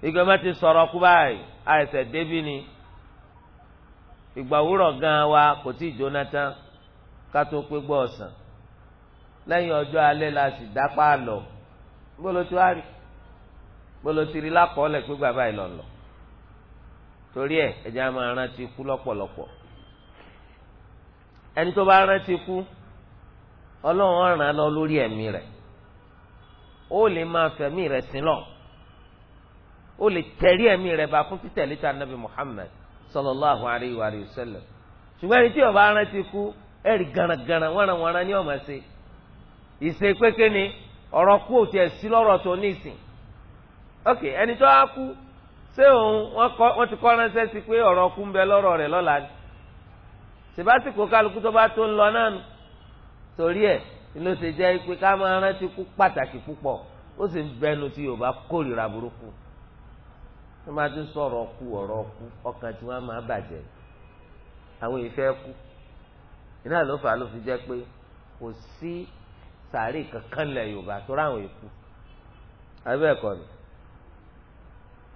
ìgbà má ti sọ̀rọ̀ kú báyìí àìsẹ̀ débí ni ìgbà òwúrọ̀ gan wa kò tí ì jóná tán ká tó pé gbọ́ ọ̀sán lẹ́yìn ọjọ́ alẹ́ la sì dápá lọ gbọ́dọ̀ tí wàá rí gbọ́dọ̀ tí rí lákọọ́lẹ̀ pé bàbá yìí lọ lọ torí ẹ ẹjẹ a máa rántí ikú lọ́pọ̀lọpọ̀ ẹni tó bá rántí ikú ọlọ́run ọ̀ràn lọ lórí ẹ̀mí rẹ̀ ó lè máa fẹ̀mí rẹ̀ sílọ̀ ó lè tẹ̀rí ẹ̀mí rẹ̀ bá fún títẹ̀lé ta nabi Muhammad sallallahu alayhi wa sallam ṣùgbọ́n ẹni tí ó rántí ikú ẹ̀rí garagara wọ́nranwọ́nran ni ó máa ṣe ìṣe pékè ni ọ̀rọ̀ kú òtí ẹ̀ sí lọ́rọ̀ tó ní ok ẹni tó á kú ṣé òun wọ́n ti kọ́ ránṣẹ́ sí pé ọ̀rọ̀ kú ń bẹ lọ́rọ̀ rẹ̀ lọ́la ni sèbásìkò kálukú tó bá tó ń lọ náà torí ẹ̀ ló ṣe jẹ́ pé ká máa rántí kú pàtàkì púpọ̀ ó sì ń bẹnu tí yorùbá kórìíra burúkú wọ́n máa ti sọ̀rọ̀ kú ọ̀rọ̀ kú ọkàn tí wọ́n máa bàjẹ́ àwọn ìfẹ́ kú iná ló fà á ló fi jẹ́ pé kò sí sàárè kankan lẹ̀ yorùbá tó ráwọn èkú abẹ́ẹ̀kọ́ ni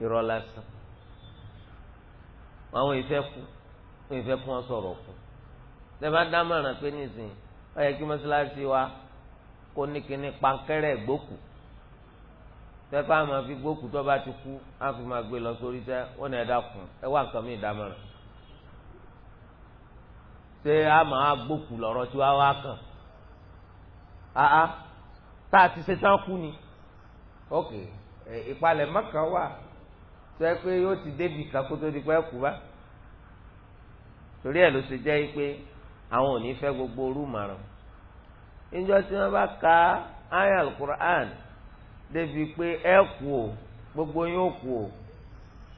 irọ́ lásán àwọn ìfẹ́ kú wọn ìfẹ́ kú wọn sọ̀rọ̀ kú lẹ́bàá dámọ̀ràn pé nísìnyí wọ́n yẹ kí mọ́ṣáláṣí wa kó ní kíní pankẹ́rẹ́ gbókù tẹ́pẹ́ àmọ́ fi gbókù tó bá ti kú á fi máa gbé lọ sórí sẹ́ wọ́n náà dákun ẹ wá nǹkan mí dámọ̀ràn ṣé àmọ́ á gbókù lọ́rọ̀ tí wá wá kàn àá ah, ah. tá a ti ṣe tán kú ni ok ìpalẹ̀mọ́ kan wà tó yẹ pé yóò ti débi kan kó tó di pé kú bá torí ẹ̀ ló ṣe jẹ́ pé àwọn ò ní fẹ́ gbogbo orú màrún níjọ́ tí wọ́n bá ka aya alukur'an débi pé ẹ kú o gbogbo yín ó kú o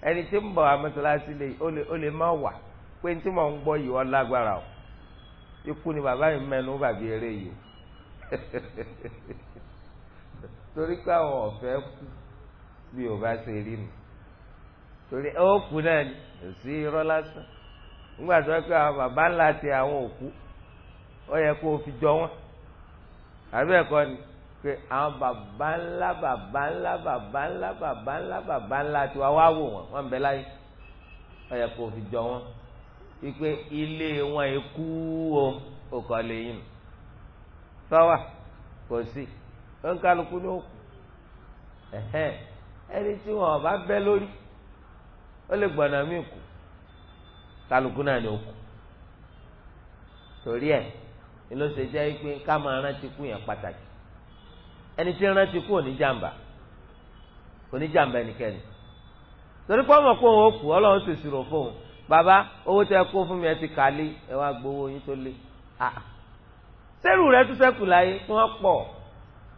ẹni tí ń bọ̀ amọ́tòlásí lè ó lè má wà pé ní tí mò ń gbọ́ yìí wọ́n lágbára o ikú ni bàbá yìí mẹ́nu bàbí eré yìí torí pé àwọn ọ̀fẹ́ kú bí o bá ṣe rí mi torí ẹ ó kú náà ni kò sí irọ́ lásán nígbà tó pé àwọn bàbá ńlá ti àwọn òkú ó yẹ kó o fi jọ wọn àbí ẹ̀kọ́ ni pé àwọn bàbá ńlá bàbá ńlá bàbá ńlá bàbá ńlá bàbá ńlá tiwa wá wò wọn wọn bẹ láyé ó yẹ kó o fi jọ wọn wípé ilé wọn èkú o ò kọ́ lè nù. sọ́wà kò sí oníkálukú ló kù ẹni tí wọn bá bẹ́ lórí ó lè gbọ̀nà mí kù kálukú náà ni ó torí ẹ̀ ni ló ṣe jẹ́ pé ká máa rántí kú yẹn pàtàkì ẹni tí rántí kú oníjàmbá oníjàmbá ẹnikẹ́ni torí pé ọmọ kó òun sẹ́rù rẹ̀ tún sẹ́kù láyé tí wọ́n pọ̀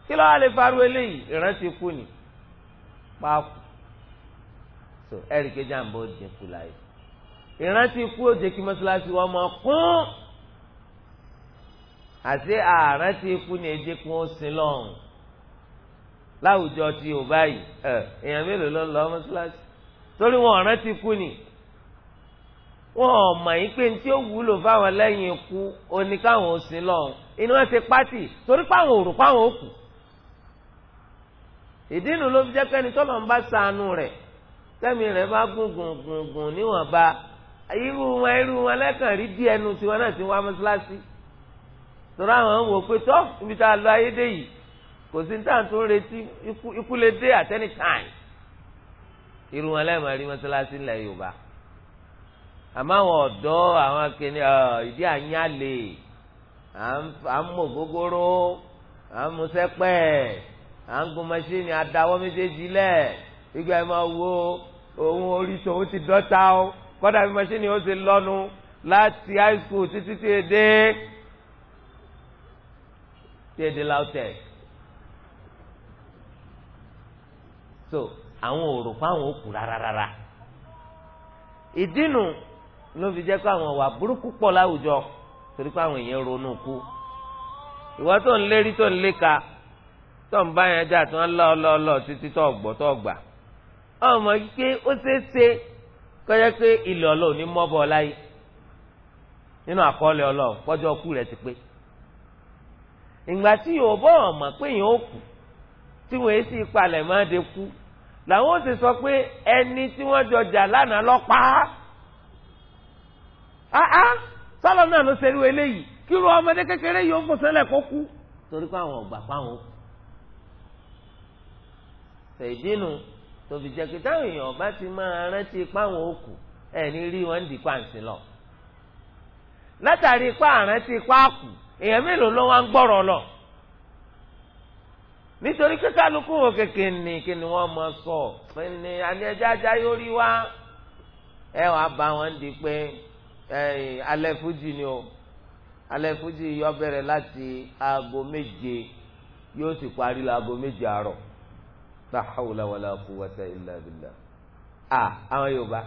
kí lọ́wọ́ lè farú eléyìí ìrántí kú ni paaku so ẹ̀rì kejì àǹbọ̀ dín kù láyé ìrántí kú ó jẹ́ kí mọ́ṣáláṣí wọn máa kún àti àrántí kú ni èjì kún ó sin lọ́hùn láwùjọ tí ò báyìí ẹ̀ èèyàn mélòó ló ń lọ mọ́ṣáláṣí torí wọn ọ̀rántí kú ni wọn ò mọ̀ yín pé tí ó wúlò fáwọn lẹ́yìn ikú oníkàwọn ò sí lọ́hùn inú wọn ṣe pátì torí páwọn òrò páwọn ò kù ìdí nu ló fi jẹ́ pé ẹni tọ́lọ̀ ń bá ṣàánú rẹ̀ tẹ́mi rẹ̀ bá gùn gùn gùn gùn níwọ̀nba irú wọn irú wọn lẹ́kàn rí bí ẹnu tiwọn náà ti wá mọ́ṣáláṣí torí àwọn ń wò pé tọ́ ibi tá a lọ ayédè yìí kò sí ní tàǹtó ń retí ikú lè dé at any time irú wọn lẹ́ẹ̀mọ́ rí mọ́ṣáláṣí àmọ́ àwọn ọ̀dọ́ àwọn akéwì ìdí àyànlè à ń mọ gógóró à ń mu sẹ́pẹ̀ à ń gun mẹ́ṣíìnì adawọ́ méjèèjì lẹ̀ ìgbà yẹn máa wo òun orí ti dọ́ta o kọ́dà bí mẹ́ṣíìnì ó ti lọ́nu láti high school títí tí èdè tí èdè lautech so àwọn òrò fáwọn òkú rárára ìdínú ló fi jẹ́ pé àwọn ọ̀wà burúkú pọ̀ láwùjọ torí pé àwọn èèyàn ronú kú ìwọ tó ń lérí tó ń léka tó ń bá yẹn jà tó ń lọ lọ lọ títí tó gbọ́ tó gbà ọmọ pé ó ṣeé ṣe kọjá pé ilẹ̀ ọlọ́ọ̀ ní mọ́bọ̀ láyé nínú àkọọ́lẹ̀ ọlọ́ọ̀ kọjọ́ kú rẹ̀ ti pé ìgbà tí yóò bọ́ ọ̀mọ̀ pé yẹn ó kù tí wọ́n sì palẹ̀ máa de kú làwọn ó sì sọ pé ẹni tí wọ́n jọ jà lánàá lọ́pàá. Ah ah náà ló ṣerú eléyìí kí irú ọmọdé kékeré yìí ó kó torí pé àwọn ọ̀gbà fáwọn fèdínú tòbí jẹ́kí táwọn èèyàn bá ti máa rántí páwọn òkú ẹ̀ ní rí wọn dì lọ látàrí ipá àrántí ipá èèyàn mélòó ló wá ń lọ nítorí kíkálukú mọ sọ ní yóò rí wá ẹ bá wọn alẹ́ fújì ni o alẹ́ fújì yọ bẹ̀rẹ̀ láti aago méje yóò sì parí laago méje àárọ̀ la hawla wala quwwata illa billah a àwọn yorùbá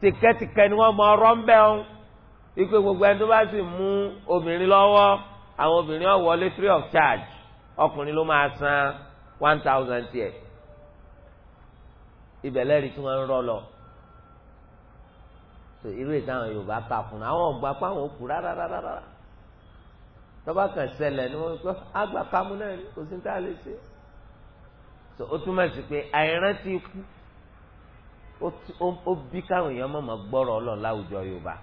tìkẹ́tìkẹ́ ni wọ́n mọ ọ̀rọ̀ ń bẹ̀ ọ́n ikú gbogbo ẹni tó bá sì mú obìnrin lọ́wọ́ àwọn obìnrin ọ̀ wọlé free of charge ọkùnrin ló máa san one thousand tiẹ̀ ibẹ̀ lẹ́rìí tí wọ́n ń rọ́ lọ so irú ìtàn yorùbá kà fún àwọn ọgbà páwọn òkú rárá rárá rárá tọ́ba kan ṣẹlẹ̀ ni wọ́n sọ àgbà kámú náà ni kò sí ní tá lè ṣe so ó túmọ̀ sí pé àìrántí ikú ó bí káwọn èèyàn mọ̀mọ́ gbọ́rọ̀ ọlọ́run láwùjọ yorùbá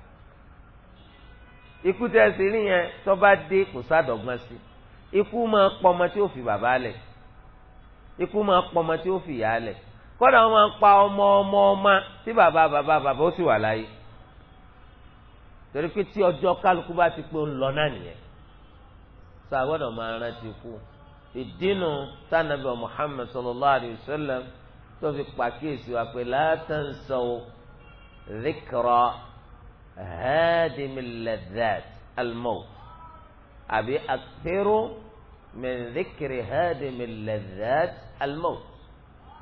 ikú tẹ́ ẹ sì rí yẹn tọ́ba dé kò sádọ́gbọ́n sí ikú máa pọmọ tí ó fi bàbá lẹ̀ ikú máa pọmọ tí ó fi ìyá lẹ̀ kọ́dà wọn máa ń pa ọmọ ọmọ ọmọ tí bàbá bàbá bàbá ó sì wà láyé torí pé tí ọjọ́ kálukú bá ti pé ń lọ náà nìyẹn sọ àgbọ̀dọ̀ máa rántí kú ìdínú tànàbí Muhammad sallallahu alayhi wa sallam tó fi pàkíyèsí wa pé la tansaw dhikra hadimil ladhat al-mawt àbí akthiru min dhikri hadimil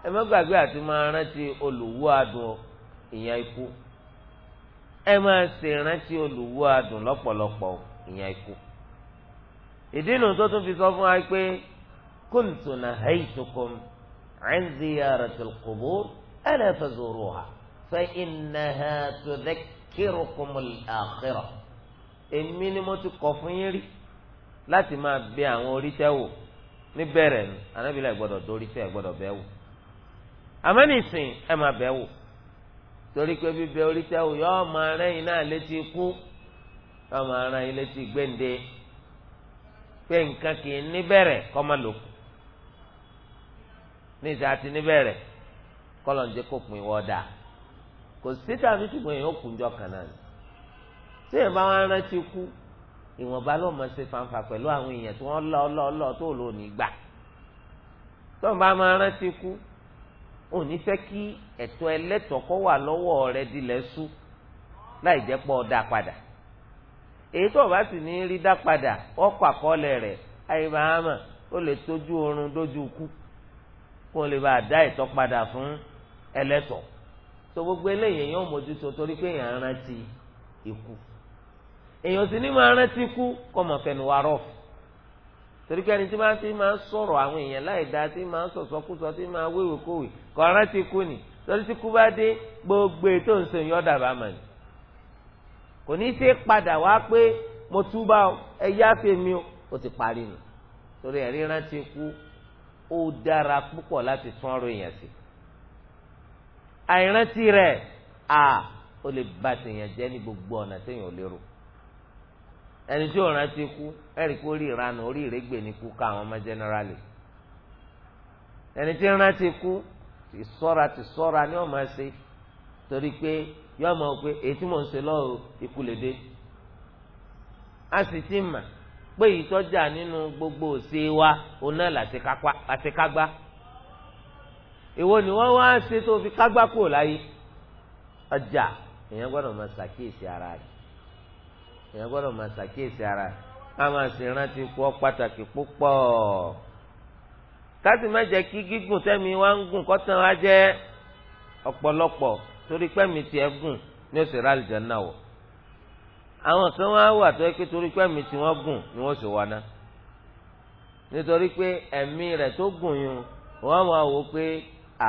ẹ má gbàgbé àti máa rántí olùwọ́ adùn ìyẹn ikú ẹ máa ṣèrántí olùwò adùn lọ́pọ̀lọpọ̀ ìyẹn ikú ìdí nu tó tún fi sọ fún wa pé kuntu nahaytukum an ziyaratil qubur ala fazuruha fa innaha tudhakkirukumul akhirah èmi ni mo ti kọ̀ fún yín rí láti máa bẹ àwọn oríṣẹ́ wò níbẹ̀rẹ̀ nu anábìlẹ̀ gbọ́dọ̀ dóríṣẹ́ gbọ́dọ̀ bẹ̀ wò àmọ́ nìsín ẹ máa bẹ̀ wò torí pé bíbẹ orí tẹ́wò yọ́ọ́ máa rẹ́yìn náà létí ikú yọ́ọ́ máa rẹ́yìn létí gbéǹde pé nǹkan kì í níbẹ̀rẹ̀ kọ́ máa lò kù ní ìsà àti níbẹ̀rẹ̀ kọ́lọ̀ ń jẹ́ kó pin wọ́n kò sí tàbí ṣùgbọ́n èèyàn ó kù jọ kàn náà tí èèyàn bá wá rántí kú ìwọ̀nba ló máa ṣe fanfa pẹ̀lú àwọn èèyàn tí wọ́n lọ́ lọ́ lọ́ tó lò ní gbà tó ń bá máa rántí kú ò ní fẹ́ kí ẹ̀tọ́ ẹlẹ́tọ̀ọ́ kọ́ wà lọ́wọ́ rẹ dilẹ̀ sú láì jẹ́ pọ̀ dá padà èyí tó o bá sì ní rí dá padà ọkọ̀ àkọọ́lẹ̀ rẹ̀ ayé mahama ó lè tójú oorun dójú ikú kó o lè bá a dá ẹ̀tọ́ padà fún ẹlẹ́tọ̀ọ́ tó gbogbo eléyìí èèyàn mójútó torí pé èèyàn rántí ikú èèyàn sì ní máa rántí ikú kọ́ mọ̀ fẹ́ni wa rọ̀fù torí pé ẹni tí máa ti máa sọ̀rọ̀ àwọn èèyàn láì dáa tí máa sọ̀sọ́kúsọ tí máa wéwèé kówèé kọ̀ọ̀rán ti kú ni torí tí kú bá dé gbogbo ètò ìsìn yọ̀ọ́ dàbà mà ní. kò ní í ṣe padà wá pé mo túbà ẹ yáfe mi ó ti parí nù torí ẹ̀rí rántí kú ó dára púpọ̀ láti tún ọ̀rọ̀ èèyàn sí. àìrántí rẹ̀ à ó lè bà tèèyàn jẹ́ ní gbogbo ọ̀nà téèyàn ò lérò. ẹni tí òòrùn ti kú ẹ̀rí kó rí ìranù orí ìrégbè ní kú ká àwọn ọmọ ẹni tí ti kú ti sọ́ra ti sọ́ra ni ọmọ torí pé yọ ọmọ pé èyí tí mò ń ṣe lọ́wọ́ ikú lè dé a sì ti mà pé gbogbo òsè wa òun náà làṣekágbá ìwọ ni wọ́n wá ṣe tó fi kágbá láyé ọjà èèyàn gbọ́dọ̀ máa ṣàkíyèsí ara rẹ̀ èèyàn gbọ́dọ̀ máa ṣàkíyèsí ara ká ma sì rántí kú pàtàkì púpọ̀ ká má jẹ́ kí gígùn tẹ́mi wá ń gùn kọ́tàn jẹ́ ọ̀pọ̀lọpọ̀ torí pẹ́mi gùn ní oṣù rà àwọn kan wá wà tó yẹ pé tí wọ́n gùn ní wọ́n sì nítorí pé ẹ̀mí rẹ̀ tó gùn yun wọ́n wò pé à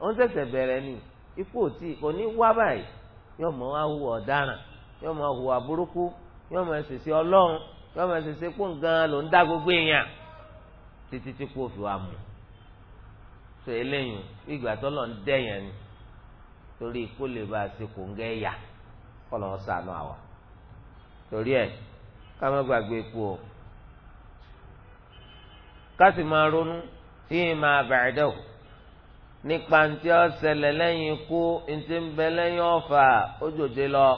ń bẹ̀rẹ̀ ni ipò tí kò ní wá báyìí yóò máa ṣèṣe ọlọ́run yóò máa ṣèṣe pọ̀ gan-an ló ń dá gbogbo èèyàn títí tí kò fi wá mú sọ eléyìí ìgbà tó lọ ń dẹ̀yàn ni torí kó lè bá a ṣe kò ń gẹ́ yà kọ́ lọ́wọ́ sànú àwa torí ẹ̀ ká má gbàgbé epo o ká sì máa ronú tí ì máa bẹ̀rẹ̀ dẹ̀ o nípa ntí ó ṣẹlẹ̀ lẹ́yìn ikú ntí ń bẹ lẹ́yìn ọ̀fà ó jòjé lọ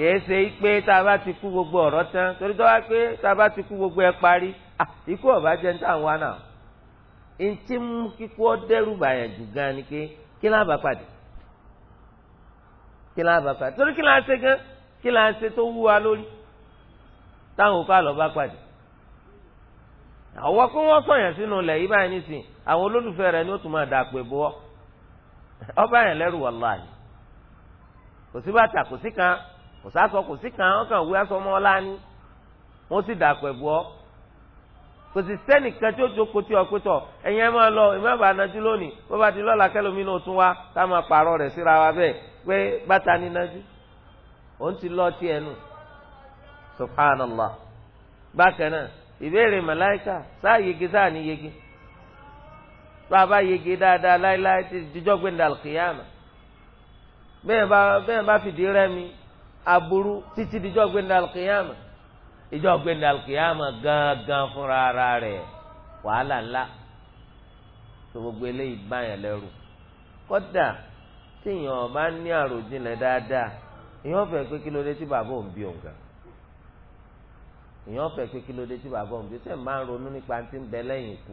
kìí ṣe pé tá a bá ti kú gbogbo ọ̀rọ̀ tán torí tó wá pé tá a bá ti kú gbogbo ẹ parí ikú ọ̀bá jẹ́ níta wà náà ntí mú kíkú ọ̀dẹ́rù bàyàn jù gan ni pé kí lá bá pàdé kí lá bá pàdé torí kí lá ṣe gan kí lá ṣe tó wú wa lórí táwọn òkú àlọ́ bá pàdé àwọn kó wọ́n sọ̀yàn sínú ilẹ̀ yìí báyìí nísìnyí àwọn olólùfẹ́ rẹ̀ ni ó tún máa dà pé bọ́ ọba yẹn lẹ́rù wàláhì kò sí bàtà kò sí kan kò sásọ kò sí kan wọn kàn wí aṣọ ọmọ ọlá ni wọn sì dà pẹ̀bù ọ kò sì sẹ́nìkan tí ó jókòó tí ọ pé tọ̀ ẹ̀yin ẹ máa lọ ìmọ̀ bá nájú lónìí bó bá ti lọ́la kẹlòmí náà tún wá ká máa pààrọ̀ rẹ̀ síra wa bẹ́ẹ̀ pé bàtà ni nájú òun ti lọ tiẹ̀ nù subhanallah bákan náà ìbéèrè màláìka sáà yege sáà ní yege bá a bá yege dáadáa láéláé ti jíjọ́ gbẹ̀ndàlùkìyàmà bẹ́ẹ̀ bá bẹ́ẹ̀ bá fìdí rẹ́mi aburú títí dijọ́ gbẹ̀ndà alkiyama ìjọ gbẹ̀ndà alkiyama gangan fúnra ara rẹ̀ wàhálà ńlá tó gbogbo eléyìí báyàn lẹ́rù kódà tíyàn bá ní àròjinlẹ̀ dáadáa èèyàn fẹ́ pé kí ló dé tí bàbá òun bí òun gan èèyàn fẹ́ pé kí ló dé tí bàbá òun bí òun sẹ́ máa ń ronú nípa tí ń bẹ lẹ́yìn ikú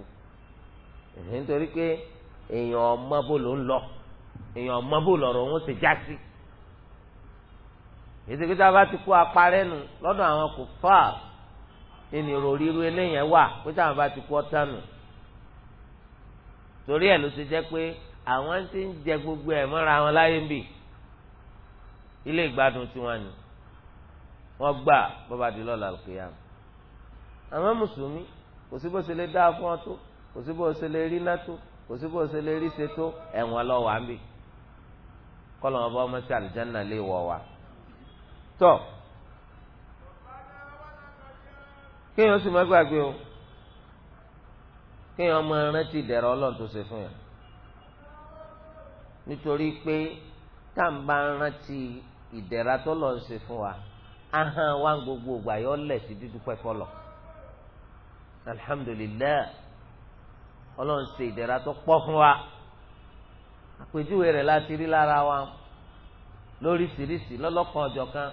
nítorí pé èèyàn ọmọ bó ló ń lọ èèyàn ọmọ bó lọ̀rọ̀ òun ti já sí ìsèkítà bá ti kú aparẹ́ nù lọ́dọ̀ àwọn kò fà ẹni ròrí irú eléyẹn wà pé táwọn bá ti kú ọ̀tá nù torí ẹ̀ ló ṣe jẹ́ pé àwọn ti ń jẹ gbogbo ẹ̀ mọ́ra wọn láyé ń bì ilé ìgbádùn tiwọn ni wọ́n gbà bọ́ba di lọ́la al-qiyam àwọn mùsùlùmí kò sí bó ṣe lè dá fún ọ tó kò sí bó ṣe lè rí náà tó kò sí bó ṣe lè rí ṣe tó ẹ̀wọ̀n lọ́wọ́ àmì ọmọ sí àlùjánnà lè wọ̀ wá. tọ́ kéèyàn sì má gbàgbé o kéèyàn ọmọ rántí ìdẹ̀rọ̀ ọlọ́run tó ṣe fún yàn nítorí pé tá à ń bá rántí tó lọ ṣe fún wa ahọ́n wa gbogbo ògbà yọ lẹ̀ sí dídúpẹ́ fọlọ̀ alihamudulilayi ọlọ́run ṣe tó pọ̀ fún wa àpèjúwe rẹ̀ láti rí lára wa lóríṣiríṣi lọ́lọ́kan kan.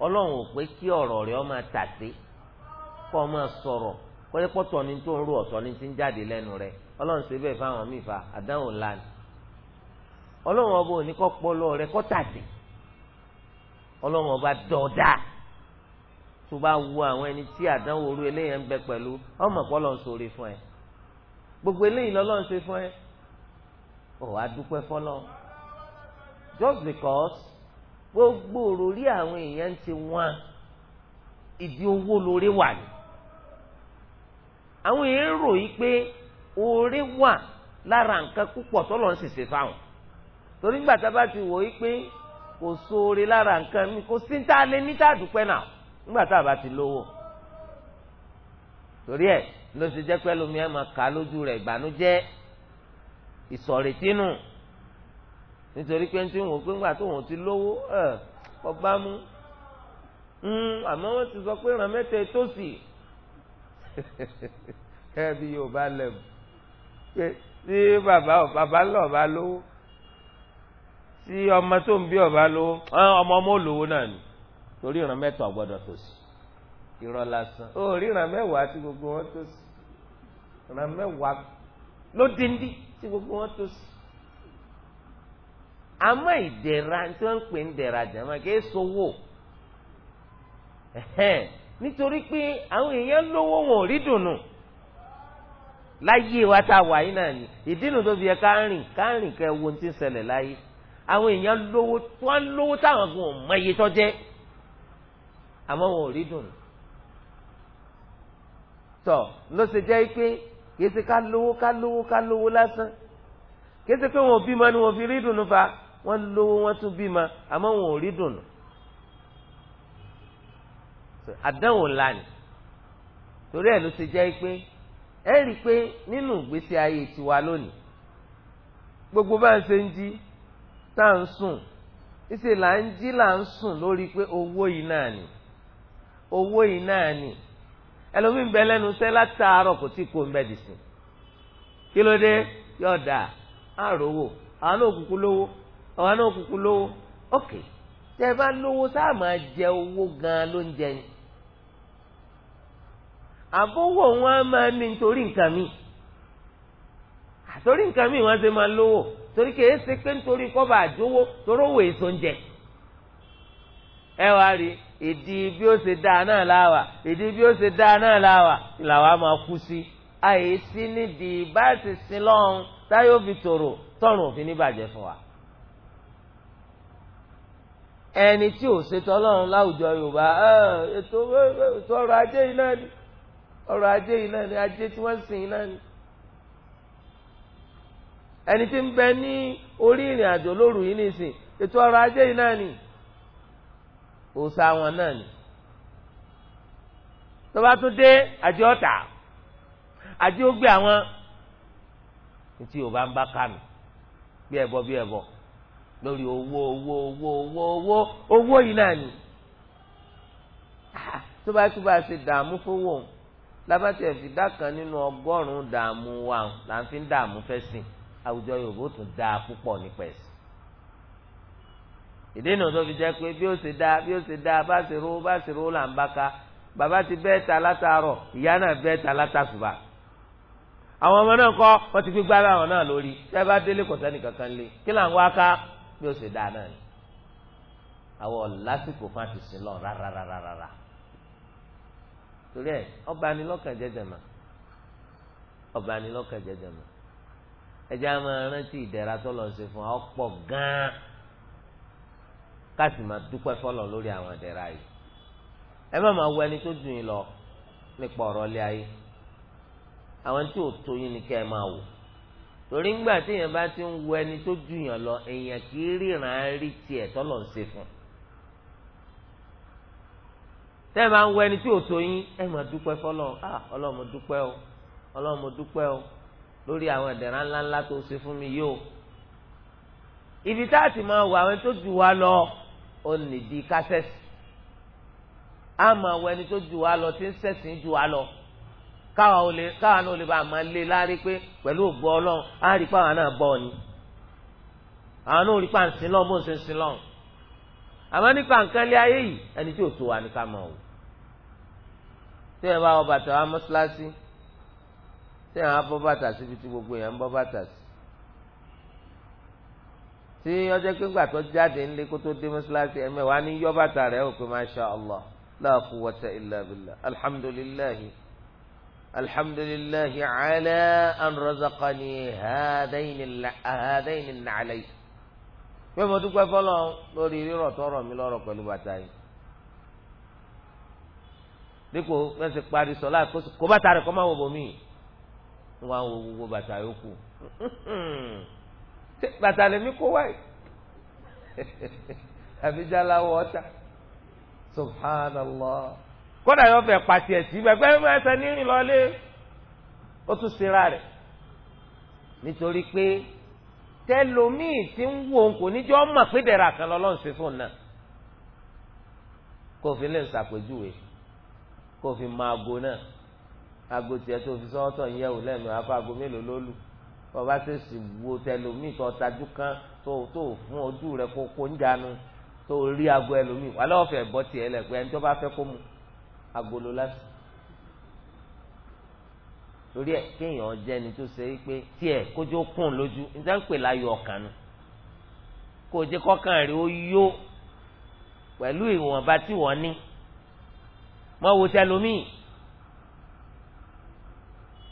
ọlọ́run ò pé kí ọ̀rọ̀ rẹ̀ ó máa tàsé kó o máa sọ̀rọ̀ kọ́lé pọ́tọ̀ ni tó ń ro ọ̀tọ̀ ni ti ń jáde lẹ́nu rẹ̀ ọlọ́run ṣe bẹ́ẹ̀ fáwọn míì fa àdáhùn ńlá ni ọlọ́run ọba òní kọ́ pọ́lọ́ rẹ̀ kọ́ tàsé ọlọ́run ọba dọ̀ọ́dá tó bá wo àwọn ẹni tí àdánwò orú eléyẹn ń bẹ pẹ̀lú ọmọ kọ́ lọ́n fún ẹ gbogbo eléyìí lọ́lọ́run ṣe fún ẹ ọ̀ adúpẹ́ fọlọ́ just because gbogbo òròrí àwọn èèyàn ti wọn ìdí owó lórí wà ní. àwọn èèyàn rò yí pé oore wà lára nǹkan púpọ̀ tọ́lọ̀ ń ṣèṣe fáwọn torí nígbà tá a bá ti wò yí pé kò lára nǹkan mi kò sí tá a lè dúpẹ́ náà nígbà tá a bá ti lówó torí ẹ ló ṣe kà á lójú rẹ̀ ìsọ̀rètínù. nítorí pé tí wọn ò pé ńgbà tó wọn ti lówó ẹ ọba mú hmm, àmọ́ wọ́n ti sọ pé ràn mẹ́tẹ̀ẹ́ tó sì kẹ́ẹ̀bí yóò bá lẹ̀bù pé tí bàbá bàbá ńlá ọba lówó tí ọmọ tó ń bí ọba lówó ọmọ ọmọ olówó náà ni torí ràn mẹ́tọ̀ ọgbọ́dọ̀ tó sì irọ́ lásán ó ríran mẹ́wàá tí gbogbo wọn tó sì ràn mẹ́wàá ló dín dín tí gbogbo wọn tó sì. àmọ́ ìdẹ̀ra tí wọ́n ń pè ń dẹ̀ra jàmá kì í sowó nítorí pé àwọn èèyàn lówó wọn ò rí dùnú láyé wa tá a wà yín náà ni ìdínú tó fi yẹ ká rìn ká rìn kẹ wo ti ń ṣẹlẹ̀ láyé àwọn èèyàn lówó wọn lówó táwọn gan ò mọ iye tó jẹ́ àmọ́ wọn ò rí dùnú tọ̀ ló ṣe jẹ́ pé kì í ṣe ká lówó ká lówó ká lówó lásán kì í ṣe pé wọn ò bímọ ni wọn fi rí dùnú fa. wọ́n lówó wọ́n tún bímọ àmọ́ wọn ò rí dùnú àdánwò ńlá ni torí ẹ̀ ló ṣe jẹ́ pé ẹ rí i pé nínú ìgbésí ayé tiwa lónìí gbogbo bá ń ṣe ń jí tá à ń sùn ìṣe là ń jí là ń sùn lórí pé owó yìí náà ni owó yìí náà ni ẹlòmíín bẹ lẹ́nu iṣẹ́ látàárọ̀ kò tí kò ń bẹ dì sí kí ló dé yọ̀ọ̀dà àròwò àwọn òkùnkùn lówó àwọn náà kúkú lówó ok tẹ bá lówó sáà máa jẹ owó gan ló ń jẹ ni àbówò wọn á máa ní nítorí nǹkan mi àtòrí nǹkan mi wọn ṣe máa lówó torí kìí ṣe pé nítorí kọ́ba àjówó toró wò èso ń jẹ ẹ wá rí ìdí bí ó ṣe dáa náà láwà ìdí bí ó ṣe dáa náà láwà làwa máa kú sí àìsí nídìí bá ti sin lọ́hún táyọ̀ fi tòrò tọ́rùn òfin ní bàjẹ́ fún wa. ẹni tí ò ṣe t'ọlọrun láwùjọ yorùbá ah, ètò ọrọ̀ ajé yìí náà ni ọrọ̀ ajé yìí náà ni ajé tí wọ́n sìn yìí náà ni. ẹni tí ń bẹ ní orí ìrìn àjò lóru yìí nìsín ètò ọrọ̀ ajé yìí náà ni òòṣà wọn náà ni. tó bá tún dé àjọ ọ̀tà àjọ ó gbé àwọn tí yorùbá ń bá kánú bí ẹ̀bọ bí ẹ̀bọ. lórí owó owó owó owó owó owó yìí náà ni ah, tó bá tó bá ṣe dààmú fowó lábàtì ẹ̀fì dákan nínú ọgọ́rùn-ún dààmú wa là ń fi ń dààmú fẹ́ sìn àwùjọ Yorùbá tún dáa púpọ̀ nípa ẹ̀sìn ìdènà tó fi jẹ́ pé bí ó ṣe dáa bí ó ṣe dáa bá ṣe rówó bá ṣe rówó là ń bá ka bàbá ti bẹ́ẹ̀ ta látàárọ̀ ìyá náà bẹ́ẹ̀ ta látàṣùbà àwọn ọmọ náà kọ́ wọ́n ti fi gbá àwọn náà lórí tẹ́ bá délé kọ̀tẹ́nì kankan lé kí là wá ká bí o ṣe dáa náà ni àwọn lásìkò fún àtìsí lọ rárárárá torí ẹ ọba ni lọ́kàn jẹjẹ mà ọba ni lọ́kàn jẹjẹ mà ẹjẹ lọ sí fún ọ pọ̀ gan-an káàsì máa dúpẹ́ fọlọ́ lórí àwọn ìdẹ̀ra yìí ẹ má máa wọ ẹni tó dùn lọ nípa ọ̀rọ̀ ilé ayé àwọn tí ò tó yín ni kẹ́ torí ńgbà tí èèyàn bá ti ń wo ẹni tó ju yàn lọ èèyàn kì í ríran rí tiẹ̀ tọ́lọ̀ ń ṣe fún tẹ́ ẹ máa ń wo ẹni tí ò yín ẹ máa dúpẹ́ fọlọ́ ah ọlọ́run mo dúpẹ́ o ọlọ́run mo dúpẹ́ o lórí àwọn ẹ̀dẹ̀rán ńláńlá tó ṣe fún mi yìí o ibi tá a ti máa wọ àwọn tó ju wa lọ ó nìdí kásẹ̀sì á máa wọ ẹni tó ju wa lọ tí ń ṣẹ̀sìn ju wa lọ káwa náà ò lè bá a máa lé lárí pé pẹ̀lú ògbó ọlọ́run á rí pàwọn náà bọ̀ ni àwọn náà rí pàwọn sin lọ́n bó ń sin sin lọ́n àmọ́ nípa nǹkan lé ayé yìí ẹni tí ò tó wa ní ká mọ̀ o tí ẹ bá wọ bàtà wa mọ́ṣáláṣí tí àwọn abọ́ bàtà síbi tí gbogbo èèyàn ń bọ́ bàtà sí tí ọjọ́ pínpà tó jáde ńlé kó tó dé mọ́ṣáláṣí ẹ̀mẹ́wàá ní yọ́ bàtà rẹ̀ ó الحمد لله على أن رزقني هذين هذين النعلين yóò mọ dúpẹ́ fọlọ́ lórí rírọ̀ tọrọ mi lọ́rọ̀ pẹ̀lú bàtà yìí dípò mẹ́sì parí sọ́lá kó bàtà rẹ̀ kọ́ máa wò bòmí ń wá wo gbogbo bàtà yòókù bàtà lèmi kó wáyé àbíjá láwọ ọ̀tá subhanallah kódà yóò fẹ́ pàṣẹ sí gbẹgbẹ́ ẹsẹ̀ nírìn lọ́lé ó tún ṣera rẹ̀ nítorí pé tẹlomiì ti ń wo kò ní jọ́ mọ̀ pé dẹ̀ra kan lọ́lọ́run ṣe fún un náà kó fi lè ń ṣàpèjúwe kó fi mọ aago náà aago tiẹ̀ tó fi sọ́ọ́tọ̀ ń yẹ̀wò lẹ́nu afọ aago mélòó ló lù bàbá tó sì wo tẹlomiì tó tajú kan tó tó fún ojú rẹ̀ kó kó ń jánu tó rí aago ẹlòmíì wàlẹ́ ọ̀fẹ́ bọ́ tiẹ̀ lẹ̀ ẹni tó bá fẹ́ kó mu agolo lásán torí ẹ kéèyàn jẹ́ ẹni tó ṣe é pé tiẹ̀ kójú kùn lójú níta ń pè láyọ̀ ọkàn nu kó o jẹ́ kọ́kàn rẹ̀ ó yó pẹ̀lú ìwọ̀nba tí wọ́n ní mọ wo tẹlómìn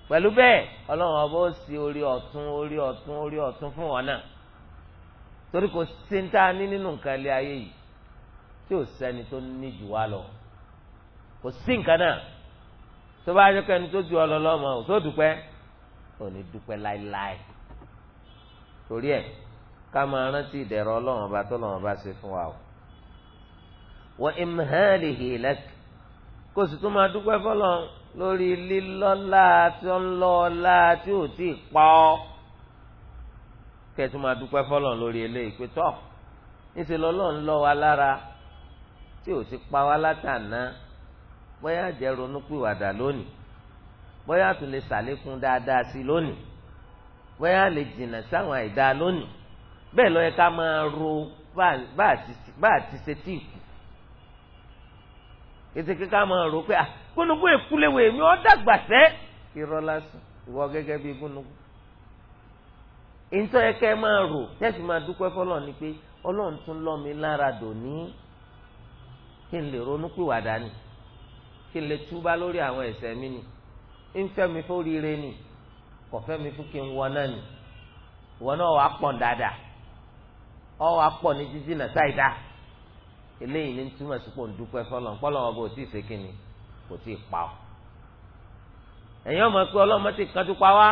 pẹ̀lú bẹ́ẹ̀ ọlọ́run ọba ó sì orí ọ̀tún orí ọ̀tún orí ọ̀tún fún wọn náà torí kò sí ní tá a nínú nǹkan ilé ayé yìí tí ò sẹ́ni tó ní jù wá lọ kò sí nǹkan náà tó bá yẹ kẹ́ni tó ju ọlọ́lọ́mọ ò tó dúpẹ́ ò ní dúpẹ́ láéláé torí ẹ̀ ká máa rántí ìdẹ̀rọ̀ ọlọ́run ọba tó lọ́run ọba ṣe fún wa o wa imhalihi lak kó sì tún máa dúpẹ́ fọlọ́run lórí lílọ́lá tí ó ń lọ́ọ́lá tí ò tí ì pa ọ́ kẹ́ ẹ tún máa dúpẹ́ fọlọ́run lórí eléyìí pé tọ́ níṣẹ́ lọ́lọ́run lọ́ wa lára tí ò ti pa wá látàná bóyá jẹ́ ronúpìwàdà lónìí bóyá tún lè ṣàlékún dáadáa sí lónìí bóyá lè jìnnà sáwọn àìdá lónìí bẹ́ẹ̀ ló yẹ ká máa ro bá àti ṣe tí ìkù ètè kíkà máa ro pé ah, gbónúgbó èkúléwé mi ọ́ dàgbà sẹ́ irọ́ lásán ìwọ gẹ́gẹ́ bíi gbónúgbó ìtọ́ yẹ kẹ́ máa rò tẹ́sí máa dúpẹ́ fọlọ́ ni pé ọlọ́run tún lọ́ mi lára dò ní kí n lè ronú ni kí n lè túbá lórí àwọn ẹ̀ṣẹ̀ mi ni ń fẹ́ mi fún rire ni kò fẹ́ mi fún kí n wọ náà ni ìwọ náà wàá pọ̀ dáadáa ọ wàá pọ̀ ní jíjí náà táì dáa eléyìí ní túmọ̀ sí pò ń dúpẹ́ fọlọ́n pọ́lọ́n bò tí ì ṣe kínni kò tí ì pa ọ́ ẹ̀yin ọmọ pé ọlọ́mọ ti kánjú pa wá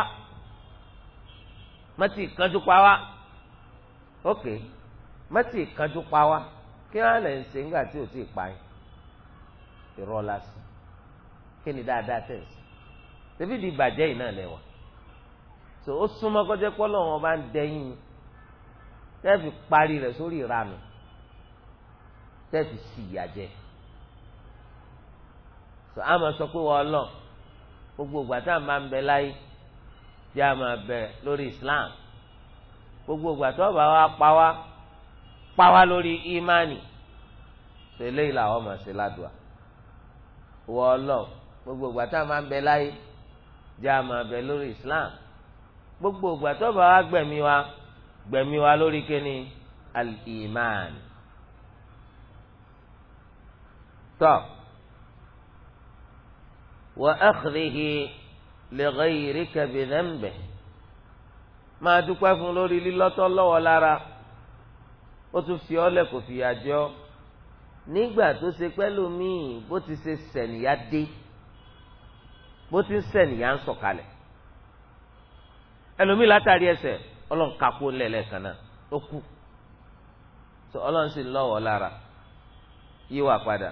mọ́tì kánjú pa wá ok mọ́tì kánjú pa wá kí wọ́n lè ṣe nígbà tí ò tí ì pa yín ìrọ́ kí ni dáadáa tẹ̀ sí tẹ̀bí di ìbàjẹ́ yìí náà lẹ́wà so ó súnmọ́ kọjá pọ́lọ́ wọn bá ń dẹ́yìn tẹ́ẹ̀fì parí rẹ̀ sórí ìranù tẹ́ẹ̀fì sì ìyà jẹ so a máa sọ pé wọ́n lọ gbogbo ìgbà tá a máa ń bẹ láyé tí a máa bẹ lórí Islam gbogbo ìgbà tó bá wa pa wá pa wá lórí imani so eléyìí làwọn máa ṣe ládùá wọ́n lọ́ọ̀ gbogbo ìgbà tá a máa ń bẹ láyé jẹ́ a máa bẹ lórí islam gbogbo ìgbà tó bá wa gbẹ̀mí wa gbẹ̀mí wa lórí kíni al-iman tọ́ wa akhdihi li ghayrika bi dhanbi máa dúpẹ́ fún lórí lílọ́tọ́ lọ́wọ́ lára ó tún fi ọ́lẹ̀ kò fìyà jọ nígbà tó ṣe pẹ́lú míì bó ti ṣe sẹ̀nìyá dé bó ti ń sẹ̀ nìyà ń sọ̀kalẹ̀ ẹlòmíì látàrí ẹsẹ̀ ọlọ́run kakó lẹ̀lẹ̀ kan náà ó kú tó ọlọ́run sì lọ́wọ́ lára yíwà padà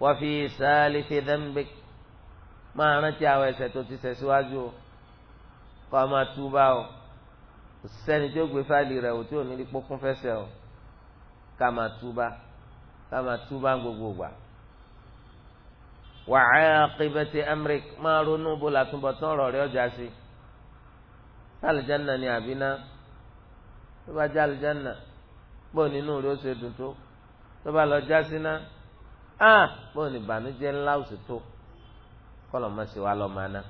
wọ́n fi sáálí fi dẹ́nbẹ́ máa rántí àwọn ẹsẹ̀ tó ti ṣẹ̀ síwájú o kọ́ ọ máa túbà o sẹ́ni tó gbé fáìlì rẹ̀ ò tí ò ní rí pókún fẹsẹ̀ o ká máa túbà ká máa túbà gbogbo gbà wa aqibati amrik máa ronú bó la túnbọ̀ tán ọ̀rọ̀ rẹ ọjà sí sálìjánà ni àbíná tó bá já àlìjánà bó nínú rẹ ó ṣe dùn tó tó bá lọ já síná á bó ní ìbànújẹ́ ńlá òsì tó kọlọ̀ mọ́ sí wa lọ́ máa ná.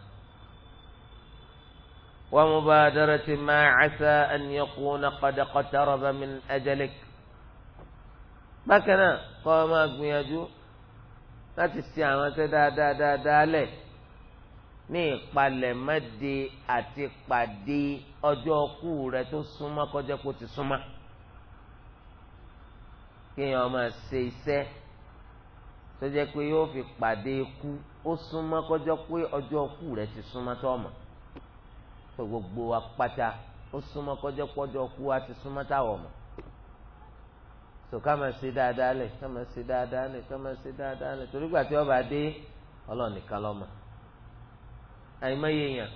ومبادرة ما عسى أن يكون قد اقترب من أجلك. bákan náà kọ́ ọ máa gbìyànjú láti ṣe àwọn ṣe dáadáa dáadáa lẹ̀ ní ìpalẹ̀mọ́de àti pàdé ọjọ́ ọkú rẹ tó súnmọ́ kọjá kó ti súnmọ́ kéèyàn máa ṣe iṣẹ́ tó jẹ́ pé yóò fi pàdé ikú ó súnmọ́ kọjá pé ọjọ́ ọkú rẹ ti súnmọ́ tó ọmọ gbogbo apáta ó súnmọ́ kọjá pé ọjọ́ ọkú wa ti súnmọ́ táwọn ọmọ tó ká máa ṣe dáadáa lẹ̀ ká máa ṣe dáadáa lẹ̀ ká máa ṣe dáadáa lẹ̀ torí gbà tí ọba dé ọlọ́run nìkan lọ́mọ àìmọye èèyàn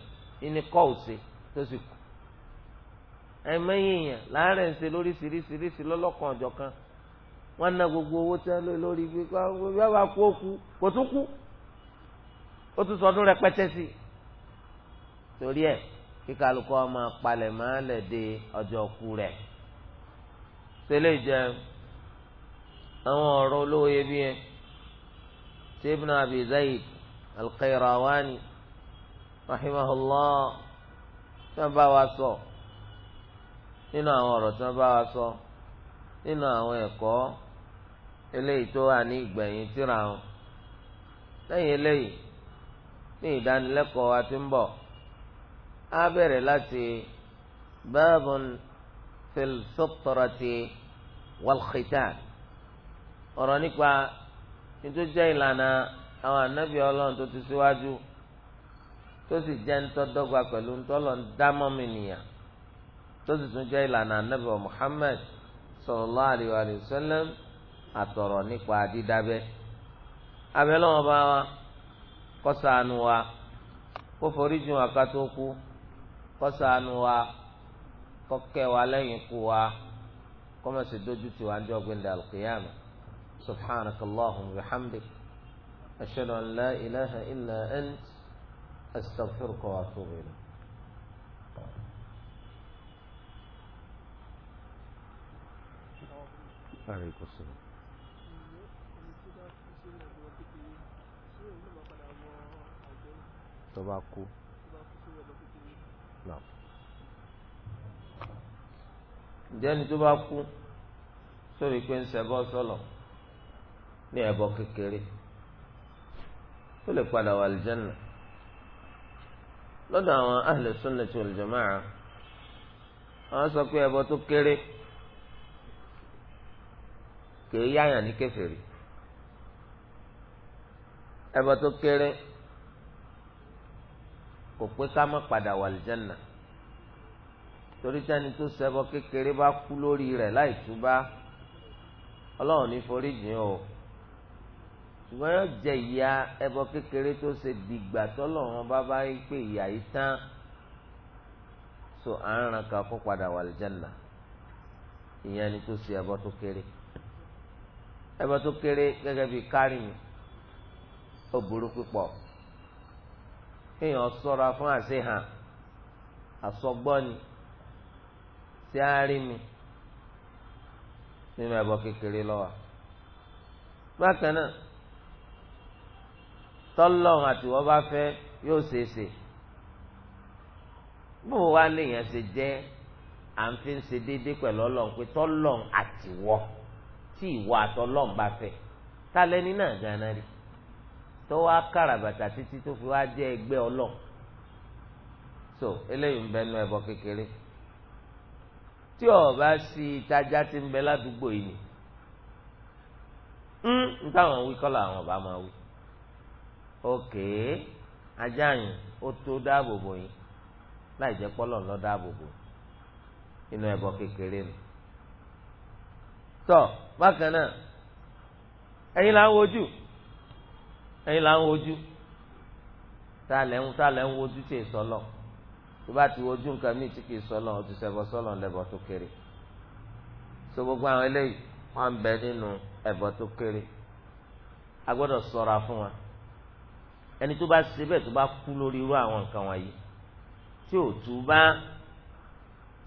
ìní kọ́ ò ṣe tó sì kù àìmọye èèyàn láàárẹ̀ ń ṣe lóríṣiríṣiríṣi lọ́lọ́kan ọ̀jọ̀kan wọ́n ná gbogbo owó tí wọ́n lé lórí ibi yóò bá kú òkú kò tún kú ó tún sọ ọdún rẹpẹtẹ sí i torí ẹ̀ kí kálukọ́ máa palẹ̀ máa lẹ̀ de ọjọ́ ku rẹ̀ tẹ́lẹ̀ jẹun àwọn ọ̀rọ̀ olówó iyebíye tí ibn abi zayd al-qayrawani rahimahullah tí wọ́n bá wa sọ nínú àwọn ọ̀rọ̀ tí wọ́n bá wa sọ nínú àwọn ẹ̀kọ́ eléyìí tó wà ní ìgbẹ̀yìn tírà wọn lẹ́yìn eléyìí ní ìdánilẹ́kọ̀ọ́ wa ti ń bọ̀ á bẹ̀rẹ̀ láti babun fil sutrati wal khitan. ọ̀rọ̀ nípa nítorí jẹ́ ìlànà àwọn ànábì ọlọ́run tó ti síwájú tó sì jẹ́ ńtọ́dọ́gba pẹ̀lú ńtọ́lọ̀ ń tó sì tún jẹ́ ìlànà ànábì Muhammad sallallahu alaihi wa sallam àtọ̀rọ̀ nípa dídábẹ́ abẹ́lẹ́wọ̀n bá wa wa kó forí wá ká tó kú wa kẹ́ سبحانك اللهم وبحمدك أشهد أن لا إله إلا أنت أستغفرك وأتوب إليك عليك السلام تباكو نعم ǹjẹ́ ni tó bá kú sórí ní ẹbọ kékeré ó lè padà wà àlùjánnà lọ́dọ̀ àwọn ahlu sunnati wal jama'a àwọn sọ pé ẹbọ tó kéré kèé yáyàn ní kèfèrí ẹbọ tó kéré kò pé ká má padà wà àlùjánnà torí sẹ́ni tó ṣẹbọ kékeré bá kú lórí rẹ̀ láì túbá ọlọ́run ní foríjìn o ṣùgbọ́n yóò jẹ ìyà ẹbọ kékeré tó ṣe dìgbà tọ́lọ́run bá bá yí pé ìyà yìí tán so àárín kan kó padà wà lìjánà ìyẹn ni tó ṣe ẹbọ tó kéré ẹbọ tó kéré gẹ́gẹ́ bíi kárìmù ó burú púpọ̀ kéèyàn ṣọ́ra fún àṣehàn àsọgbọ́ni sí àárínmi nínú ẹbọ kékeré lọ́wọ́ bákan náà tọ́lọ́run àti wọ́n bá fẹ́ yóò ṣeé ṣe bó wá léèyàn ṣe jẹ́ à ń fi ń ṣe déédéé pẹ̀lú ọlọ́run pé tọ́lọ́run àti wọ́ tí ìwọ àtọ́lọ́run bá fẹ́ tálẹ́ni náà gánà rí tó wá kàràbàtà títí tó fi wá jẹ́ ẹgbẹ́ ọlọ́run so eléyìí ń bẹnu ẹbọ kékeré tí o bá sí ìtajà tí ń bẹ ládùúgbò yìí ń hmm, táwọn wí kọ́ làwọn ọba máa wí. òkè ajá yìí ó tó dáàbò bò yín láì jẹ pọ́lọ̀ lọ dáàbò bò inú ẹ̀bọ kékeré nù. tọ bákan náà ẹ̀yin là ń wojú ẹ̀yin là ń wojú tá a lẹ̀ ń tá a lẹ̀ ń wojú tí èso lọ tó bá ti wojú nǹkan míì tí kì í sọ lọ ó ti ṣẹbọ sọlọ lẹbọ tó kéré so gbogbo àwọn eléyìí wọn ń bẹ nínú ẹbọ tó kéré a gbọ́dọ̀ ṣọ́ra fún wa ẹni tó bá ṣe bẹ́ẹ̀ tó bá kú lórí irú àwọn nǹkan wọ̀nyí tí ò túbá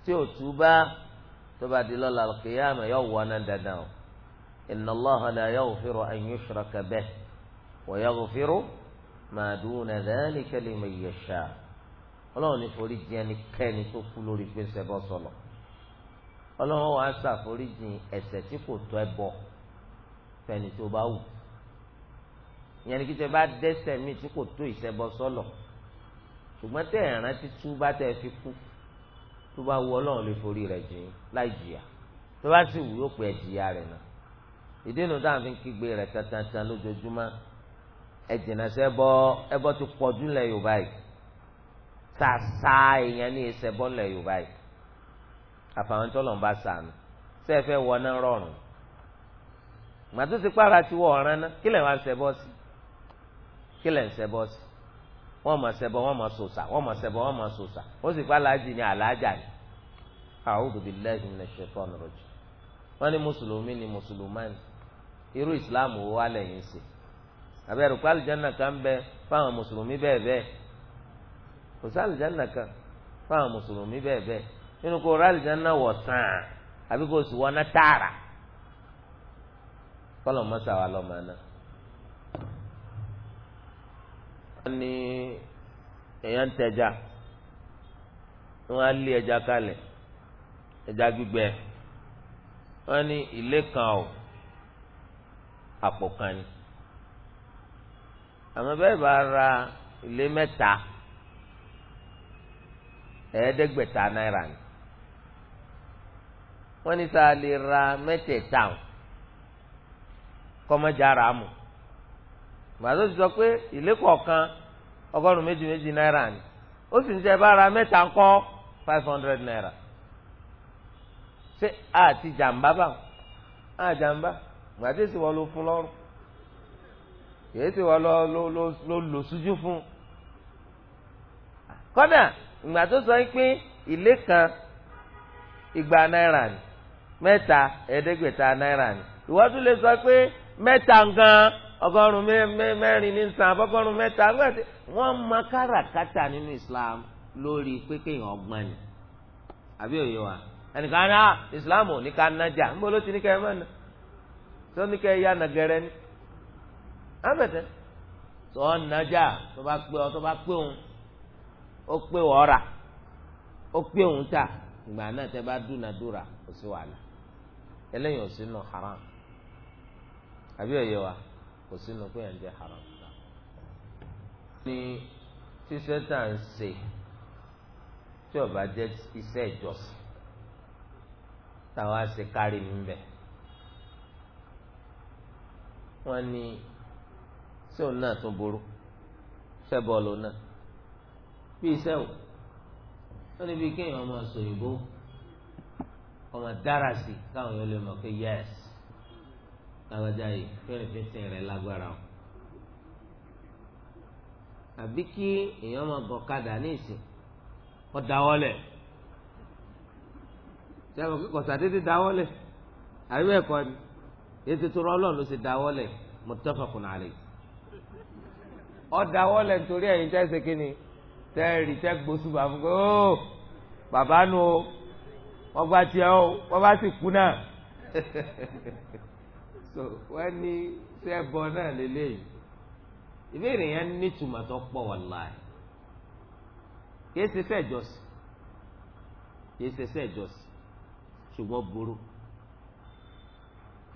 tí ò túbá tó bá di lọ́la al-qiyāmah yóò wọ náà dandan o inna Allāha lā yaghfiru an yushraka bihi wa yaghfiru mā dūna dhālika liman yashā' ọlọ́run ní forí jìn ẹnikẹ́ni tó kú lórí gbèsè bọ́ sọ̀lọ̀ ọlọ́run wàá ṣàforíjìn ẹ̀ṣẹ̀ tí kò tọ́ ẹ bọ̀ fẹ́ni tó bá wù ìyẹn ni kí tẹ bá dẹ́ṣẹ̀ mi tí kò tó ìṣẹbọ sọlọ ṣùgbọ́n tẹ ẹran títú bá tẹ fi kú tó bá wù Ọlọ́run lè forí rẹ̀ jìn láì jìyà tó bá sì wù yóò pé ẹjìyà rẹ̀ náà ìdínú táwọn fi ń kígbe rẹ̀ tantan lójoojúmọ́ ẹjìnà sẹbọ ẹbọ ti pọ̀jù lẹ Yorùbá yìí sàṣà èèyàn ní ìṣẹbọ lẹ Yorùbá yìí àfàwọn tọlọ ń bá sànù sẹfẹ wọná rọrùn màtó ti pààrà tiwọ ọ̀ràn náà kí lè wá ṣẹbọ sí kí lẹ̀ ń ṣẹbọ sí wọ́n máa ṣẹbọ wọ́n máa sòsà wọ́n máa ṣẹbọ wọ́n máa sòsà ó sì pa aláàjì ní aláàjà ni a'udhu billahi minash wọ́n ní mùsùlùmí ni mùsùlùmáàni irú ìsìláàmù wo wá lẹ́yìn sí àbẹ̀rù pé àlùjánnà kan bẹ fáwọn mùsùlùmí bẹ́ẹ̀ bẹ́ẹ̀ kò sí àlùjánnà kan fáwọn mùsùlùmí bẹ́ẹ̀ bẹ́ẹ̀ nínú ní èèyàn ń tẹja wọ́n á lé ẹja kalẹ̀ ẹja gbígbẹ wọ́n ní ilé kan o àpò kan ni àmọ́ bẹ́ẹ̀ bá ra ilé mẹ́ta ẹ̀ẹ́dẹ́gbẹ̀ta náírà ni wọ́n ní sáà lè ra mẹ́tẹ̀ẹ̀ta kọ́mọ́jà rà á gbàdó ti sọ pé ilé kọ̀ọ̀kan ọgọ́rùn méjì méjì náírà ni ó sì ń jẹ bá ara mẹ́ta ńkọ́ five hundred naira ṣé àti jàǹbá báwọn àjàǹbá gbàdé sì wọ́n ló fún lọ́rùn kìí sì lo ló lò sójú fún kọ́dà ìgbà tó sọ pé ilé kan igba náírà ni mẹ́ta ẹ̀ẹ́dẹ́gbẹ̀ta náírà ni ìwọ́n tún lè sọ pé mẹ́ta gan-an. ọgọrùn mẹ́rin ní sàn àbọgọ́rùn mẹ́ta gbàdé wọ́n máa káràkátà nínú islam lórí pépé yẹn ọgbọ́n ni àbí òye wa ẹnìkan ah, islam ò ní ká nájà níbo ló ti ní ká ẹ mọ̀nà tó ní ká ẹ yá nàgẹrẹ ni àbẹ̀tẹ̀ tó ọ nájà tó bá pé ọ tó bá pé òun ó pé ó haram àbí òye kò sínú pé ẹ̀ ń jẹ haram. ní ṣíṣe tá à ń ṣe tí ó bá jẹ́ iṣẹ́ ìjọsìn táwa ṣe kárí níbẹ̀ wọ́n ní ṣé òun náà tún burú ṣé bọ́ọ̀lù náà bí iṣẹ́ o wọ́n ní kéèyàn ọmọ sòyìnbó ọmọ dára sí káwọn yóò lè mọ̀ pé yẹ́sì lágbájá yìí fẹ́rẹ̀ fẹ́sẹ̀ rẹ̀ lágbára o àbí kí èèyàn máa gọ kadà ní ìsìn kọ́ dáwọ́lẹ̀ ṣé àwọn kíkọ̀ sàdédé dáwọ́lẹ̀ àbí ẹ̀kọ́ ni ètò tó rọ́ọ̀lọ́ ló ṣe dáwọ́lẹ̀ muttafaqun alayh ọ dáwọ́lẹ̀ nítorí ẹ̀yin tẹ́ ṣe kínni tẹ́ rí tẹ́ gbósù bàbá fún kó bàbá nu o wọ́n gba tiẹ̀ o wọ́n bá sì kú náà. so wọ́n ní sẹ́bọ náà lélẹ́yìí ìbéèrè yẹn nítumọ̀ tó pọ̀ wàláì kìí ṣe sẹ́ ìjọsìn kìí ṣe sẹ́ ìjọsìn ṣùgbọ́n burú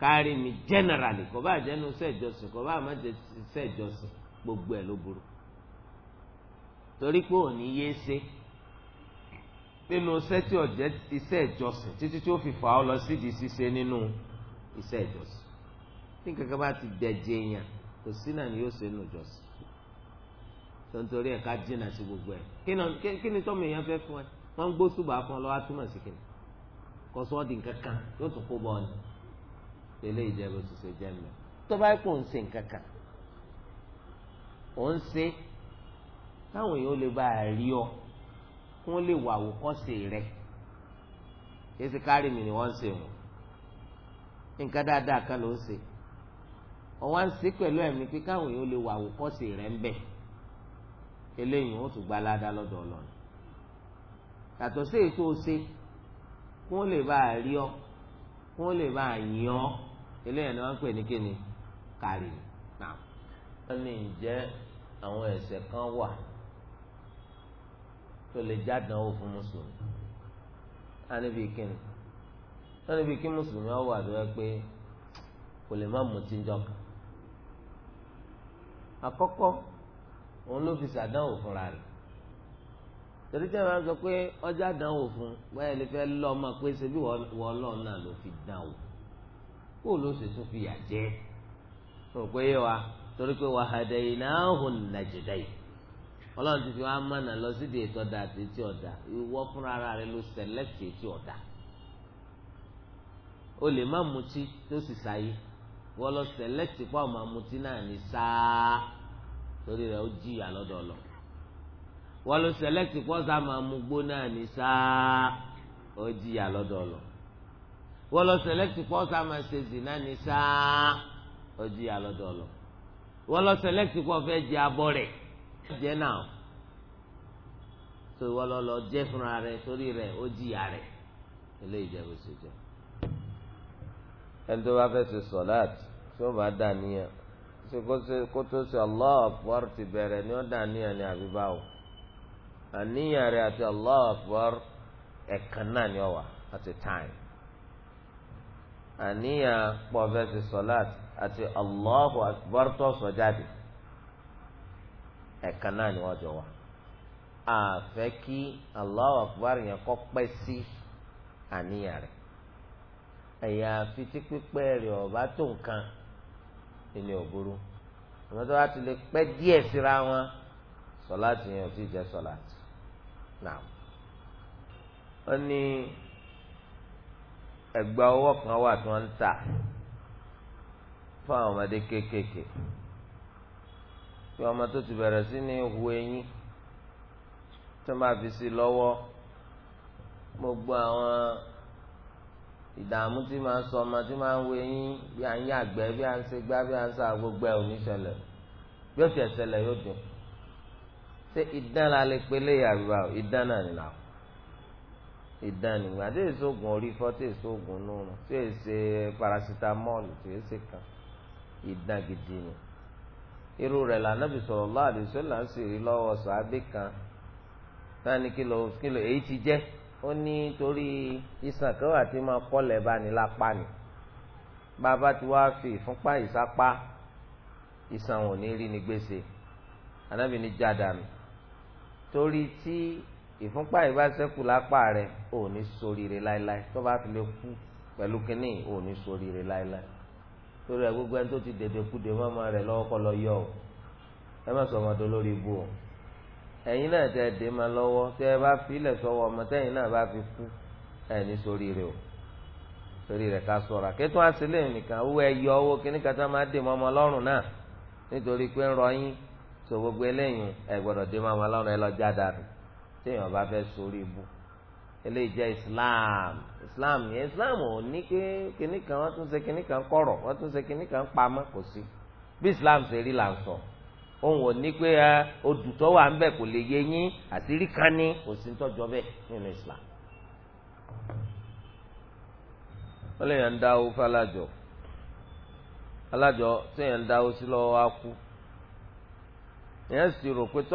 kárí mi generally kò bá jẹ́nu sẹ́ ìjọsìn kò bá má jẹ́ sẹ́ ìjọsìn gbogbo ẹ̀ ló burú torí pé òní yé ṣe nínú ọ̀jẹ́ iṣẹ́ ìjọsìn títí tí ó fi fà ọ́ lọ sídìí ṣíṣe nínú iṣẹ́ ìjọsìn. tí kankan bá ti dẹ̀jẹ̀ èèyàn kò sí náà ni yóò ṣe nù jọ́sìn tontori ẹ̀ ká jìnnà sí gbogbo ẹ̀ kí ni tọ́mọ èèyàn fẹ́ fún ẹ wọ́n ń gbó ṣùgbọ́n afọ lọ́wọ́ túmọ̀ sí kìnnì kò sọ́ di nǹkan kan yóò tún kó bọ́ ni tẹ́lẹ̀ ìjẹ́bù ṣiṣẹ́ jẹ́ mi tó bá pò ń ṣe nǹkan kan ò ń ṣe táwọn èèyàn lè bá a rí ọ kí lè wà àwòkọ́ṣe rẹ̀ kí ẹ ti kárí ni wọ́n ń ṣe wọn nǹkan dáadáa kan ló ń ṣe wọ́n wá ń ṣe pẹ̀lú ẹ̀mí pé káwọn èèyàn lè wà àwòkọ́ṣe rẹ̀ ń bẹ̀ eléyìí wọ́n tún gba aládá lọ́dọ̀ Ọlọ́run yàtọ̀ sí èyí tó o ṣe kí wọ́n lè bá a rí ọ kí wọ́n lè bá a yìn ọ eléyìí ni wọ́n ń pè ní kíni kárì náà. wọ́n ní ǹjẹ́ àwọn ẹ̀ṣẹ̀ kan wà tó lè jádánwò fún mùsùlùmí á kíni á kí mùsùlùmí ọ wà lọ́wọ́ pé kò lè má mutí jọ kan Akọkọ òun ló fi sàdánwò fúnra rẹ̀ torí tí a máa sọ pé ọjà dánwò fún báyìí lè fẹ́ lọ́ ọmọ pé ṣebí fi dánwò kó ló sì tún fi yà jẹ́ rò pé yé wa torí pé wahadaynahu najdayn ọlọ́run ti fi wá lọ sí ìdè ìtọ́da àti etí ọ̀dà ìwọ fúnra rẹ ló etí ọ̀dà o lè má mutí wọ́n lọ sẹ̀lẹ́tì pa ọmọ amutí náà ní sáá torí rẹ̀ ó jìyà lọ́dọ̀ lọ. wọ́n lọ sẹ̀lẹ́tì pa ọ̀sá ọmọ amugbó náà ní sáá ó jìyà lọ́dọ̀ lọ. wọ́n lọ sẹ̀lẹ́tì pa ọ̀sá ọmọ ṣèṣì náà ní sáá ó jìyà lọ́dọ̀ lọ. wọ́n lọ sẹ̀lẹ́tì pa ọ̀fẹ́ jẹ abọ́ rẹ̀ jẹ́ náà tó wọ́n lọ lọ fúnra rẹ̀ torí rẹ̀ ó jìyà rẹ̀ eléyìí jẹ́ bó ṣe jẹ́ ẹni tó bá fẹ́ ṣe sọ̀láàtì tí ó bá dà níyà ṣe kó tó ṣe allah akbar ti bẹ̀rẹ̀ ni ó dà níyà ni àbí àníyàn rẹ̀ àti allah akbar ẹ̀kan náà ni ó wà a time àníyàn pọ̀ fẹ́ ṣe àti allahu akbar tó sọ jáde ẹ̀kan náà ni wọ́n jọ wà kí akbar yẹn sí àníyàn ilé òbúrú àmọ́ tó bá ti lè pẹ́ díẹ̀ síra wọn sọláàtì yẹn ò tí ì jẹ́ sọláàtì náà ó ní ẹ̀gbà ọwọ́ kan wà tí wọ́n ń tà fún àwọn ọmọdé kéékèèké pé ọmọ tó ti bẹ̀rẹ̀ sí ní hu eyín tó máa fi sí lọ́wọ́ gbogbo àwọn ìdààmú tí máa ń sọ ọmọ tí máa ń wo eyín bí à ń yàgbẹ́ bí à ń ṣe gbá bí à ń sa gbogbo ẹ̀ oníṣẹ̀lẹ̀ bí ó ti ẹ̀ṣẹ̀lẹ̀ yóò dùn ṣé ìdán la lè pe léyà àbíbá o ìdán náà nìlà o ìdán nìgbà tí èso oògùn orí fọ́ tí èso oògùn nùrùn tí èsè parasitamọ́ọ̀lù tí èsè kan ìdán gidi ni irú rẹ̀ lànàbì sallallahu alaihi lọ́wọ́ sàábì kan náà ní kí ló ó ní torí iṣan kan wà tí máa kọ́lẹ̀ bá ní lápá ni bàbá tí wàá fi ìfúnpá ìsápá iṣan wọn ò ní rí ní gbèsè anábì ní jádàánù torí tí ìfúnpá yìí bá ṣẹ́kù lápá rẹ̀ ò ní ṣoríire láéláé tó bá fi lè kú pẹ̀lú kínní ò ní ṣoríire láéláé torí ẹ gbogbo ẹni tó ti dèdè kú dè mọ́mọ́ rẹ̀ lọ́wọ́ kọ́ lọ yọ ọ ẹ má sọ ọmọdé lórí ibu o ẹ̀yin náà tẹ dé ma lọ́wọ́ tẹ ẹ bá filẹ̀ sọ́wọ́ ọmọ tẹ̀yin náà bá fi kú ẹ̀ ní sórí rẹ o sórí rẹ ká sọ̀rọ̀ àkẹ́tù àṣìlẹ̀ nìkan owó ẹyọ owó kíní kata máa dé mọ́ ọmọ lọ́rùn náà nítorí pé ń rọyìn tó gbogbo eléyìn ẹ gbọ́dọ̀ dé mọ́ ọmọ lọ́rùn ẹ lọ jáda rẹ téèyàn bá fẹ́ sórí ibu eléyìí jẹ́ Islam Islam yẹn Islam ò ní pé kíní kan wọ́n tún ṣe kíní kan kọ̀rọ̀ wọ́n tún ṣe kíní kan pamọ́ kò sí bí Islam ṣe rí là òun ò ní pé ah, odùtọ́ wà ń bẹ̀ kò lè yé yín àṣírí kan ní kò bẹ́ẹ̀ nínú Islam. wọ́n lè yàn ń dáwó fálájọ alájọ tó yàn ń dáwó sí lọ́wọ́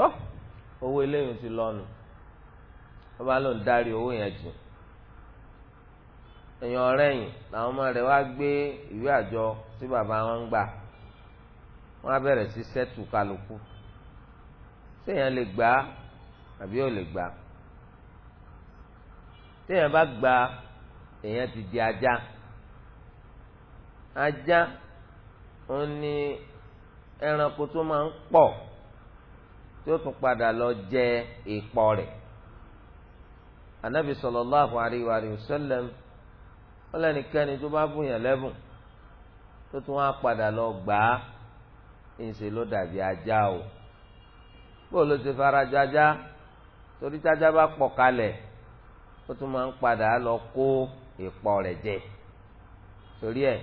á owó eléyìí ti lọ́nu wọ́n bá lòun dárí owó yẹn jù èèyàn ọ̀rẹ́ làwọn ọmọ rẹ̀ wá gbé ìwé àjọ tí bàbá wọn wọ́n á bẹ̀rẹ̀ sí sẹ́tù kálukú téèyàn lè gbà á àbí ò lè gbà á téèyàn bá gbà á èèyàn ti di ajá ajá ó ní ẹranko tó máa ń pọ̀ tí ó tún padà lọ jẹ ìpọ̀ rẹ̀ anabi sallallahu alayhi wa sallam ọlọ́nikẹ́ni tó bá bùyàn lẹ́bùn tó tún wá padà lọ gbà á ńṣe ló dàbí ajá o bó ló ṣe farajọ ajá torí tájá bá pọ̀ kalẹ̀ ó tún máa ń padà lọ kó ìpọ̀ rẹ̀ jẹ torí ẹ̀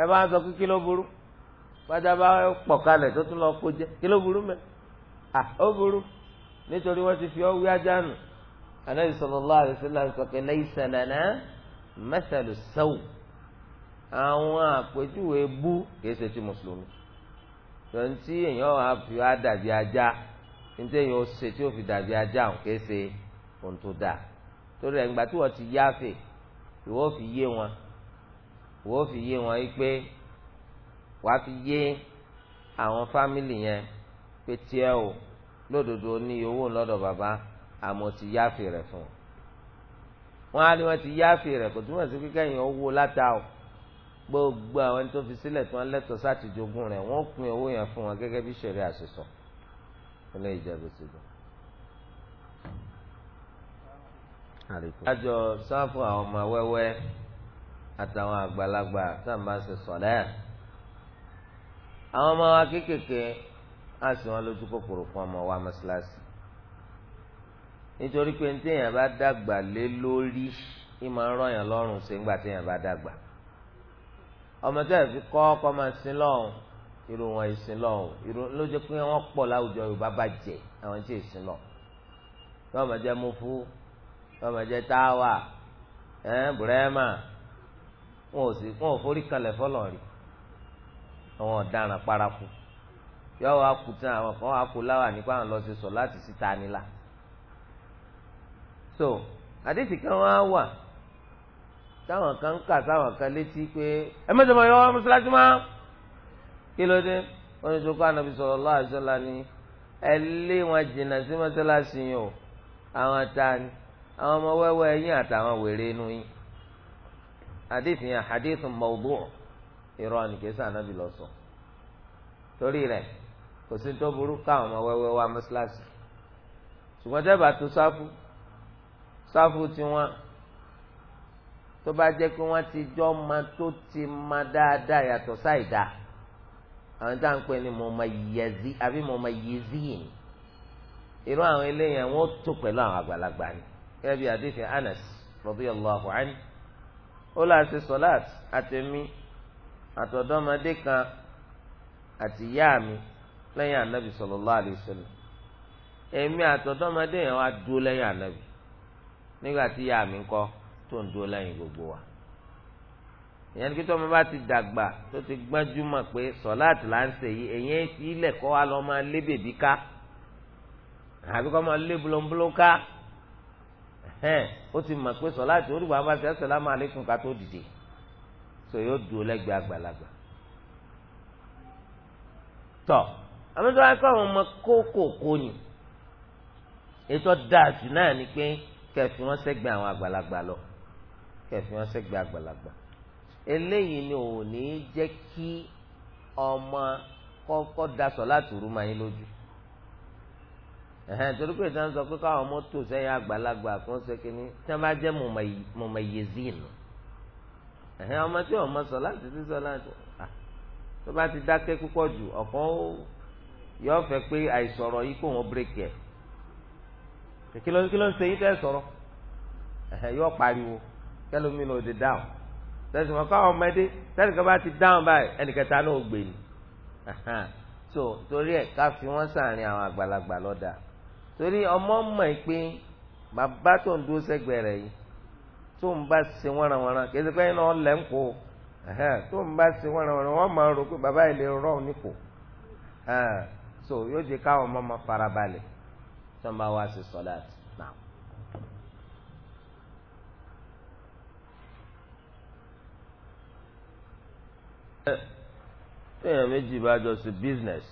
ẹ bá ń sọ pé kí ló burú bájá bá pọ̀ kalẹ̀ tó tún lọ kó jẹ kí ló burú mẹ́ à ó burú nítorí wọ́n ti fi ọ́ wí ajá nù anabi sallallahu alaihi wasallam sọ pé laysa lana mathalu àwọn àpèjúwe bú kìí ṣe ti mùsùlùmí sọ̀rọ̀ tí èèyàn á fi á dàbí ajá níta èèyàn ó ṣe tí ó fi dàbí ajá òun kìí ṣe ohun tó dáa torí ẹ̀ ńgbà tí wọ́n ti yáfè ìwọ́ fi yé wọn ìwọ́ fi yé wọn yìí pé wàá fi yé àwọn fámìlì yẹn pé tiẹ́ o lódodo ní owó lọ́dọ̀ bàbá àmọ́ ti yáfè rẹ̀ fún un wọ́n á ní wọ́n ti yáfè rẹ̀ kò túmọ̀ sí kíkẹ́yìn owó látà o gbogbo àwọn tó fi sílẹ̀ tí wọ́n lẹ́tọ̀ọ́ sáti jogún rẹ̀ wọ́n pín owó yẹn fún wọn gẹ́gẹ́ bí sẹ̀rí àṣìṣọ ilé ìjẹ́bù ti dùn. àjọ sáfù àwọn ọmọ wẹ́wẹ́ àtàwọn àgbàlagbà tá à ń bá ṣe sọ̀lẹ́ àwọn ọmọ wa kéékèèké á sì wọn lójú kòkòrò fún ọmọ wa mọ́ṣáláṣí nítorí pé ní téèyàn bá dàgbà lé lórí ìmọ̀ ń rọ̀yàn lọ́rùn ṣe ńgbà téèyàn bá dàgbà ọmọ tẹ́ ẹ fi kọ́ ọkọ máa sin lọ́hùn irú wọn ìsìn lọ́hùn irú ló jẹ́ pé wọ́n pọ̀ láwùjọ Yorùbá bàjẹ́ àwọn tí ìsìn lọ tí wọ́n máa jẹ́ mufu tí wọ́n máa jẹ́ táwa ẹ̀ bùrẹ́mà wọn ò sì wọn ò forí kalẹ̀ fọlọ́ rí àwọn ọ̀daràn paraku yọ wá kùtàn àwọn kan wá kó láwà nípa àwọn lọ sọ láti síta nílà so àdéhìí kan wá wà táwọn kan ń kà táwọn kan létí pé ẹ mẹ́tọ́ mọ̀ yọ mọ́sálásí mọ́ kí ló dé wọ́n ní sọ́kọ́ ànábi sallallahu alaihi wasallam ni ẹ lé wọn jìnnà sí mọ́sálásí yìí o àwọn ta ni àwọn ọmọ wẹ́wẹ́ yín àtàwọn wèrè inú yín hadith yẹn hadith mawdu' irọ́ nìkẹ́sà ànábi lọ sọ torí rẹ̀ kò sí tó burú káwọn ọmọ wẹ́wẹ́ wá mọ́sálásí ṣùgbọ́n tẹ́ bá sáfù sáfù tiwọn tó bá jẹ́ pé wọ́n ti jọ́ ma tó ti ma dáadáa yàtọ̀ sáìdá àwọn tá à ń pè ní mo ma yẹzi àbí mo ma yẹzi yìí irú àwọn eléyìí àwọn ó tó pẹ̀lú àwọn àgbàlagbà ni gẹ́gẹ́ bí àdéhùn Anas radiyallahu anhu ó là ṣe sọ́láàt àtẹ̀mí àtọ̀dọ́mọdé kan àti ìyá mi lẹ́yìn ànábì sallallahu alaihi wasallam èmi àtọ̀dọ́mọdé yẹn wá dúró lẹ́yìn ànábì nígbà tí ìyá mi ń kọ́ tó ń dúró lẹ́yìn gbogbo wa ìyẹn kí tọ́mọ bá ti dàgbà tó ti gbájúmọ̀ pé sọ̀láàtì là ń ṣe yìí èyàn ti ilẹ̀ kọ́ wa lọ́ọ́ máa lé bèbí ká àbí kọ́ máa lé bulọ́nbulọ́ ká ó ti mọ̀ pé sọ̀láàtì ó dùgbà bá ti assalamu alaikum ká tó dìde sọ yóò dúró lẹ́gbẹ̀ẹ́ àgbàlagbà tọ́ àmì tó àwọn ọmọ kókòkò ni ètò dáàtì náà ni pé kẹfì wọn sẹ́gbẹ̀ẹ́ àwọn àgbàlagbà lọ kẹfì wọn sẹgbẹ àgbàlagbà eléyìí ni ò ní jẹ́ kí ọmọ kọ́kọ́ daṣọ láti rú ma yín lójú torí pé ìtàn sọ pé káwọn mọ́tò sẹ́yìn àgbàlagbà kan ṣe kínní tí wọ́n bá jẹ́ mọ̀mọ́ yezin ọmọ tí wọ́n mọ sọ láti sísọ láti tó bá ti dákẹ́ púpọ̀ jù ọ̀kan ó yọ fẹ́ pé àìsọ̀rọ̀ yìí kò wọ́n bírèkì ẹ̀ kí ló ń ṣe yín tẹ́ sọ̀rọ̀ yọ pariwo kẹlómi ní òde dáhùn tẹsí wọn káwọn ọmọdé tẹsí kan bá ti dáhùn báyìí ẹnìkẹta náà gbé ni so torí ẹ ká fi wọn sàárín àwọn àgbàlagbà lọdà torí ọmọ mọ ẹ pé bàbá tó ń dúró sẹgbẹẹ rẹ yìí tó ń bá ṣe wọnranwọnran kì í ṣe pé iná ọlẹ ń kó tó ń bá ṣe wọnranwọnran wọn máa rò pé bàbá yìí lè rọ ọ nípò so yóò jẹ káwọn ọmọ ọmọ farabalẹ̀ tó ń bá wá sí sọláàtì. téèyàn méjì bá jọ sí business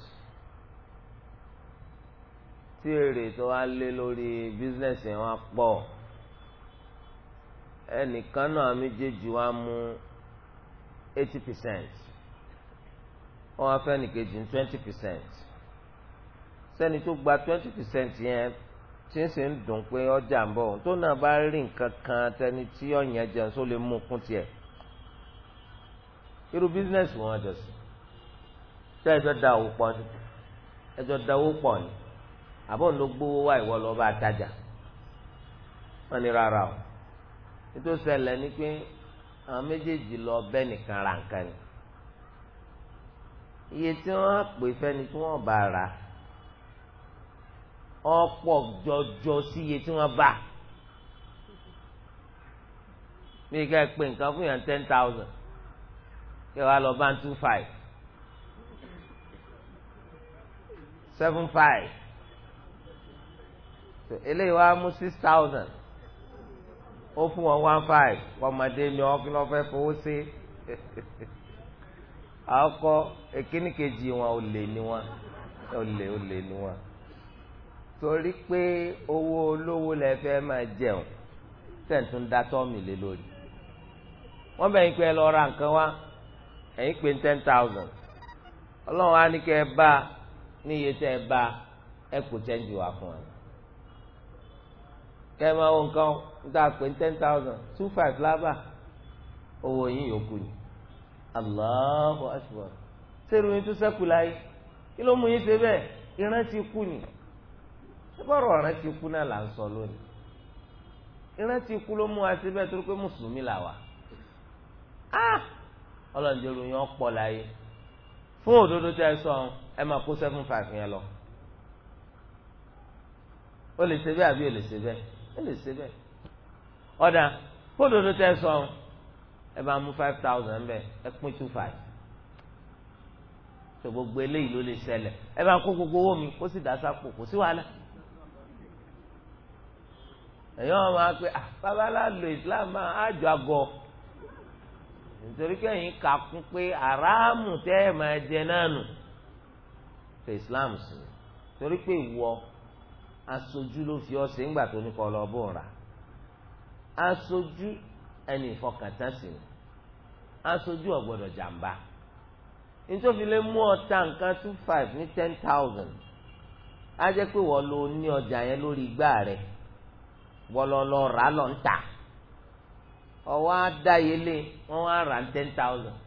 tí èrè tó wá lé lórí business yẹn wá pọ̀ ẹnìkan náà méjèèjì wá mú eighty percent wọ́n wá fẹ́ nìkejì ní twenty percent sẹ́ni tó gba twenty percent yẹn tí ń sì ń dùn pé ọjà ń bọ̀ tó náà bá rí nǹkan kan tẹni tí ọ̀yàn jẹun tó lè mú kún tiẹ̀ irú business wọn jọ sí ṣé ẹjọ́ da owó pọ̀ ni ẹjọ́ da owó pọ̀ ni àbọ̀ ló gbowó wá ìwọ lọ́ọ́ bá tajà wọ́n ní rárá o nítorí ṣẹlẹ̀ ni pé àwọn méjèèjì lọ bẹ́ nìkan ra nǹkan ni iye tí wọ́n á pè fẹ́ni tí wọ́n bá ra ọ̀pọ̀ jọjọ sí iye tí wọ́n bá bí ká pè nǹkan fún yàn ten thousand kí wàá lọ bá ń two five seven five so eléyìí wàá mú six thousand ó fún wọn one five ọmọdé ni wọn kí wọn fẹ́ fowó sí àkọ́kọ́ èkíní kejì wọn ò lè ní wọn ò lè ò lè ní wọn torí pé owó olówó lẹ fẹ́ máa jẹun tẹ̀tún da tọ́ọ̀mì lé lórí wọ́n bẹ̀yìn pé ẹ lọ ra nǹkan wá ẹ̀yìn pé ten thousand ọlọ́run á ní kẹ́ ẹ bá a ní iye tẹ́ ẹ bá ẹ kò chẹ́ǹjì wá fún ẹ. kẹ́ ẹ máa wo nǹkan níta pé ten thousand two five lábà owó yín yòókù ni Allahu Akbar sẹ́rù yín tún sẹ́kù láyé kí ló mú yín ṣe bẹ́ẹ̀ ìrántí kú ni bọ́rọ̀ ìrántí kú náà là ń sọ lónìí ìrántí kú ló mú wa ṣe bẹ́ẹ̀ torí pé mùsùlùmí là wà á ah! ọlọ́run ìròyìn ọ̀pọ̀ láyé fún òdodo tẹ́ ẹ sọ ọ́n ẹ máa kó seven five yẹn lọ ó lè ṣe bẹ́ẹ̀ àbí ó lè ṣe bẹ́ẹ̀ ó lè ṣe bẹ́ẹ̀ ọ̀dà kódòdó tẹ sọ ẹ bá mú five thousand bẹ́ẹ̀ ẹ pín two five tó gbogbo eléyìí ló lè ṣẹlẹ̀ ẹ bá kó gbogbo owó mi kó sì dá sápò kó sí wàhálà èyàn wọn máa pe babalá lo islam máa àjọ àgọ nítorí kẹ́yìn kà kún pé àràmù tẹ́ ẹ máa jẹ náà nù ṣe islam sí torí pé ìwọ aṣojú ló fi ọ ṣe ńgbà tó ní kọ lọ bó ń rà aṣojú ẹni ìfọkàntán sí ni ọgbọdọ jàmbá nítorí mú ọta nǹkan two five ní ten thousand á jẹ́ pé wọ́n lo ní ọjà yẹn lórí igbá rẹ̀ wọ́n lọ lọ rà á lọ ń tà ọwọ́ á dá yẹlé wọ́n á rà ten thousand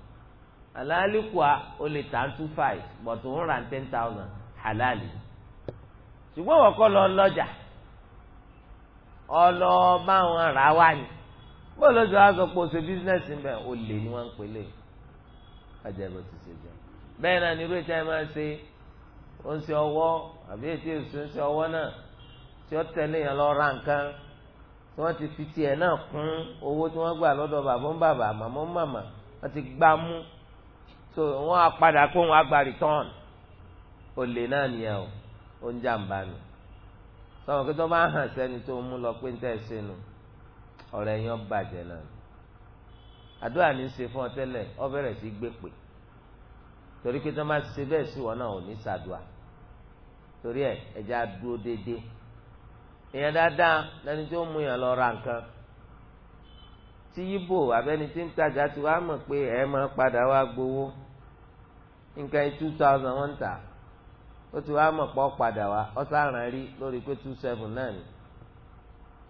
halali kwa o lè tà two five but one hundred ń ten thousand halali ṣùgbọ́n wọ́n kọ́ lọ lọ́jà ọlọ́ọ̀bá wọn rà wá ni bóyá lóṣù wa sọ pé o ṣe bísíǹnẹ̀sì ń bẹ̀ o lè ní wọ́n ń pele ọjà ìbò ti ṣe jẹ bẹ́ẹ̀ náà ni irú ìta ẹ máa ṣe ó ń ṣe ọwọ́ àbí ètò èso ń ṣe ọwọ́ náà tí ó tẹ̀lé yẹn lọ ra nǹkan tí wọ́n ti fi tiẹ̀ náà kún owó tí wọ́n gbà lọ́dọ̀ bàbá ń bàbá màmá ń màmá wọ́n ti gbá mú so wọn á padà kó wọn á gba return olè náà nìyẹn o ó ń jàǹbá nù sọ̀rọ̀ kí tó bá hàn sẹ́ni tó mú lọ pé ń tẹ̀ sínú ọ̀rọ̀ ẹ̀yàn bàjẹ́ náà àdúrà ní í ṣe fún ọ tẹ́lẹ̀ ọ bẹ̀rẹ̀ sí gbé pè torí pé tó máa ṣe bẹ́ẹ̀ sí wọn náà ò ní ṣàdúà torí ẹ ẹja dúró déédéé èèyàn dáadáa lẹni tó mú yàn lọ ra nǹkan tí yíbò abẹ́ni tí ń tajà tí wàá mọ̀ pé ẹ máa padà wá gbowó nǹkan yìí two thousand wọ́n ti wá mọ̀ pọ̀ padà wá ọ̀sán rí lórí pé two seven náà ni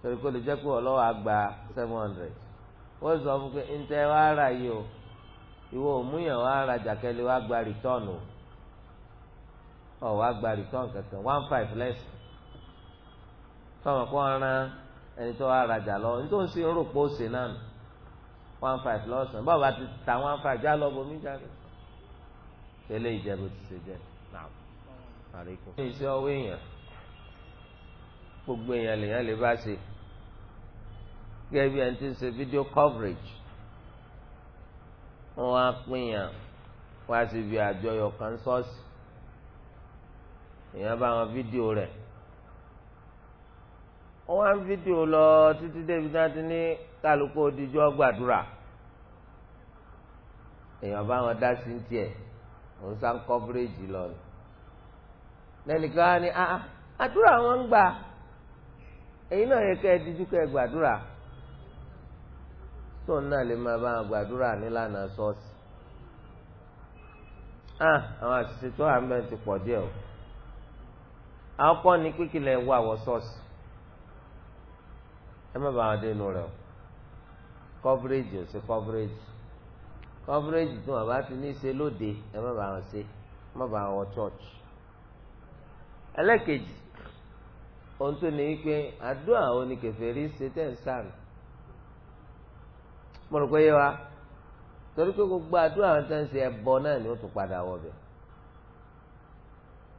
torí kò lè jẹ́ pé àgbà seven hundred fún pé yìí o ìwọ ra jàkẹ́lẹ́ gba return o ọ̀ gba return kankan one five less kọ́ ara ẹni tó wá rajà lọ ní tó ń sin rò ó náà one five lọ́sàn-án bọ́ọ̀ bá ti ta one já lọ tẹ́lẹ̀ ìjẹ́bù ti ṣe jẹ́ naam àríkún. ṣé iṣẹ́ ọwọ́ èèyàn gbogbo èèyàn lèèyàn lè bá ṣe gẹ́gẹ́ bí ẹni tí ń ṣe fídíò coverage wọ́n á pín yàn wá síbi àjọyọ̀ kan ṣọ́ọ̀ṣì èèyàn bá wọn fídíò rẹ̀ wọ́n á fídíò lọ títí débi náà ti ní kálukú òdìjọ́ gbàdúrà èèyàn bá wọn dá sí tiẹ̀. òun sá ń kọ́fúrèjì lọ ni lẹ́nìkan á ní ah, ah àdúrà wọn ń gbà èyí náà yẹ kẹ́ ẹ díjú kẹ́ ẹ gbàdúrà tóun náà lè máa bá wọn gbàdúrà nílànà ṣọ́ọ̀ṣì ah, àwọn àṣìṣe tó wà ń bẹ ti pọ̀ díẹ̀ o àwọn kọ́ ni kíkìlẹ̀ ṣọ́ọ̀ṣì ẹ má bàa dé inú rẹ o coverage ò sí coverage kọ́fúrẹ́jì tí wọ́n bá ti ní ṣe lóde ẹ má bàa wọn ṣe má bàa wọn church. ẹlẹ́kejì ohun tó ní wípé àdúrà oníkèfèrí ṣe tẹ̀ ń sàmì mo rò pé yé wa torí pé gbogbo àdúrà àwọn tó ń ṣe ẹbọ náà ni ó tún padà wọbẹ̀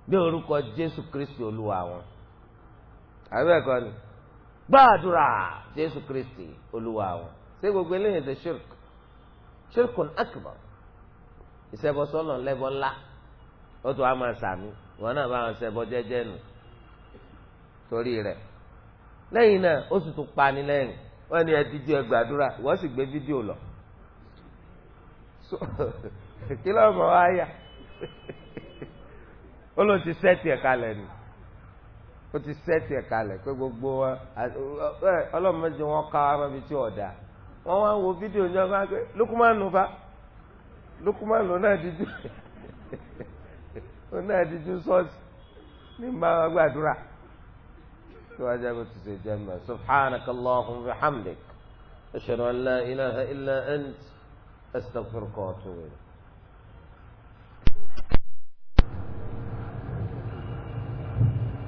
ní orúkọ Jésù Kristi Olúwa wọn àbẹ ẹkọ ni gbàdúrà Jésù Kristi Olúwa wọn ṣé gbogbo eléyìí ṣe ṣírkù ṣirkun akbar ìṣẹbọ sọlọ ńlẹbọ ńlá ó tún wá máa sàmì wọn náà bá wọn ṣẹbọ jẹ́jẹ́ nù torí rẹ̀ lẹ́yìn náà ó sì tún pani lẹ́yìn wọn ni ẹ díjú ẹ gbàdúrà wọn sì gbé fídíò lọ kí ló mọ wá yà ó ló ti sẹ́ẹ̀tì ẹ̀ kalẹ̀ ni ó ti sẹ́ẹ̀tì ẹ̀ kalẹ̀ pé gbogbo wọn ọlọ́mọdé wọn ká wọn bí tí ọ̀dà wọ́n wá wo fídíò ní ọba pé lukumanu fa lukumanu náà díjú náà díjú sọ́ọ̀sì ní bá wa gbàdúrà kí wàá jábọ̀ tó ṣe jẹ́ mọ́ subhanakallahum wa hamdik ashhadu an ilaha illa ant astaghfiruka wa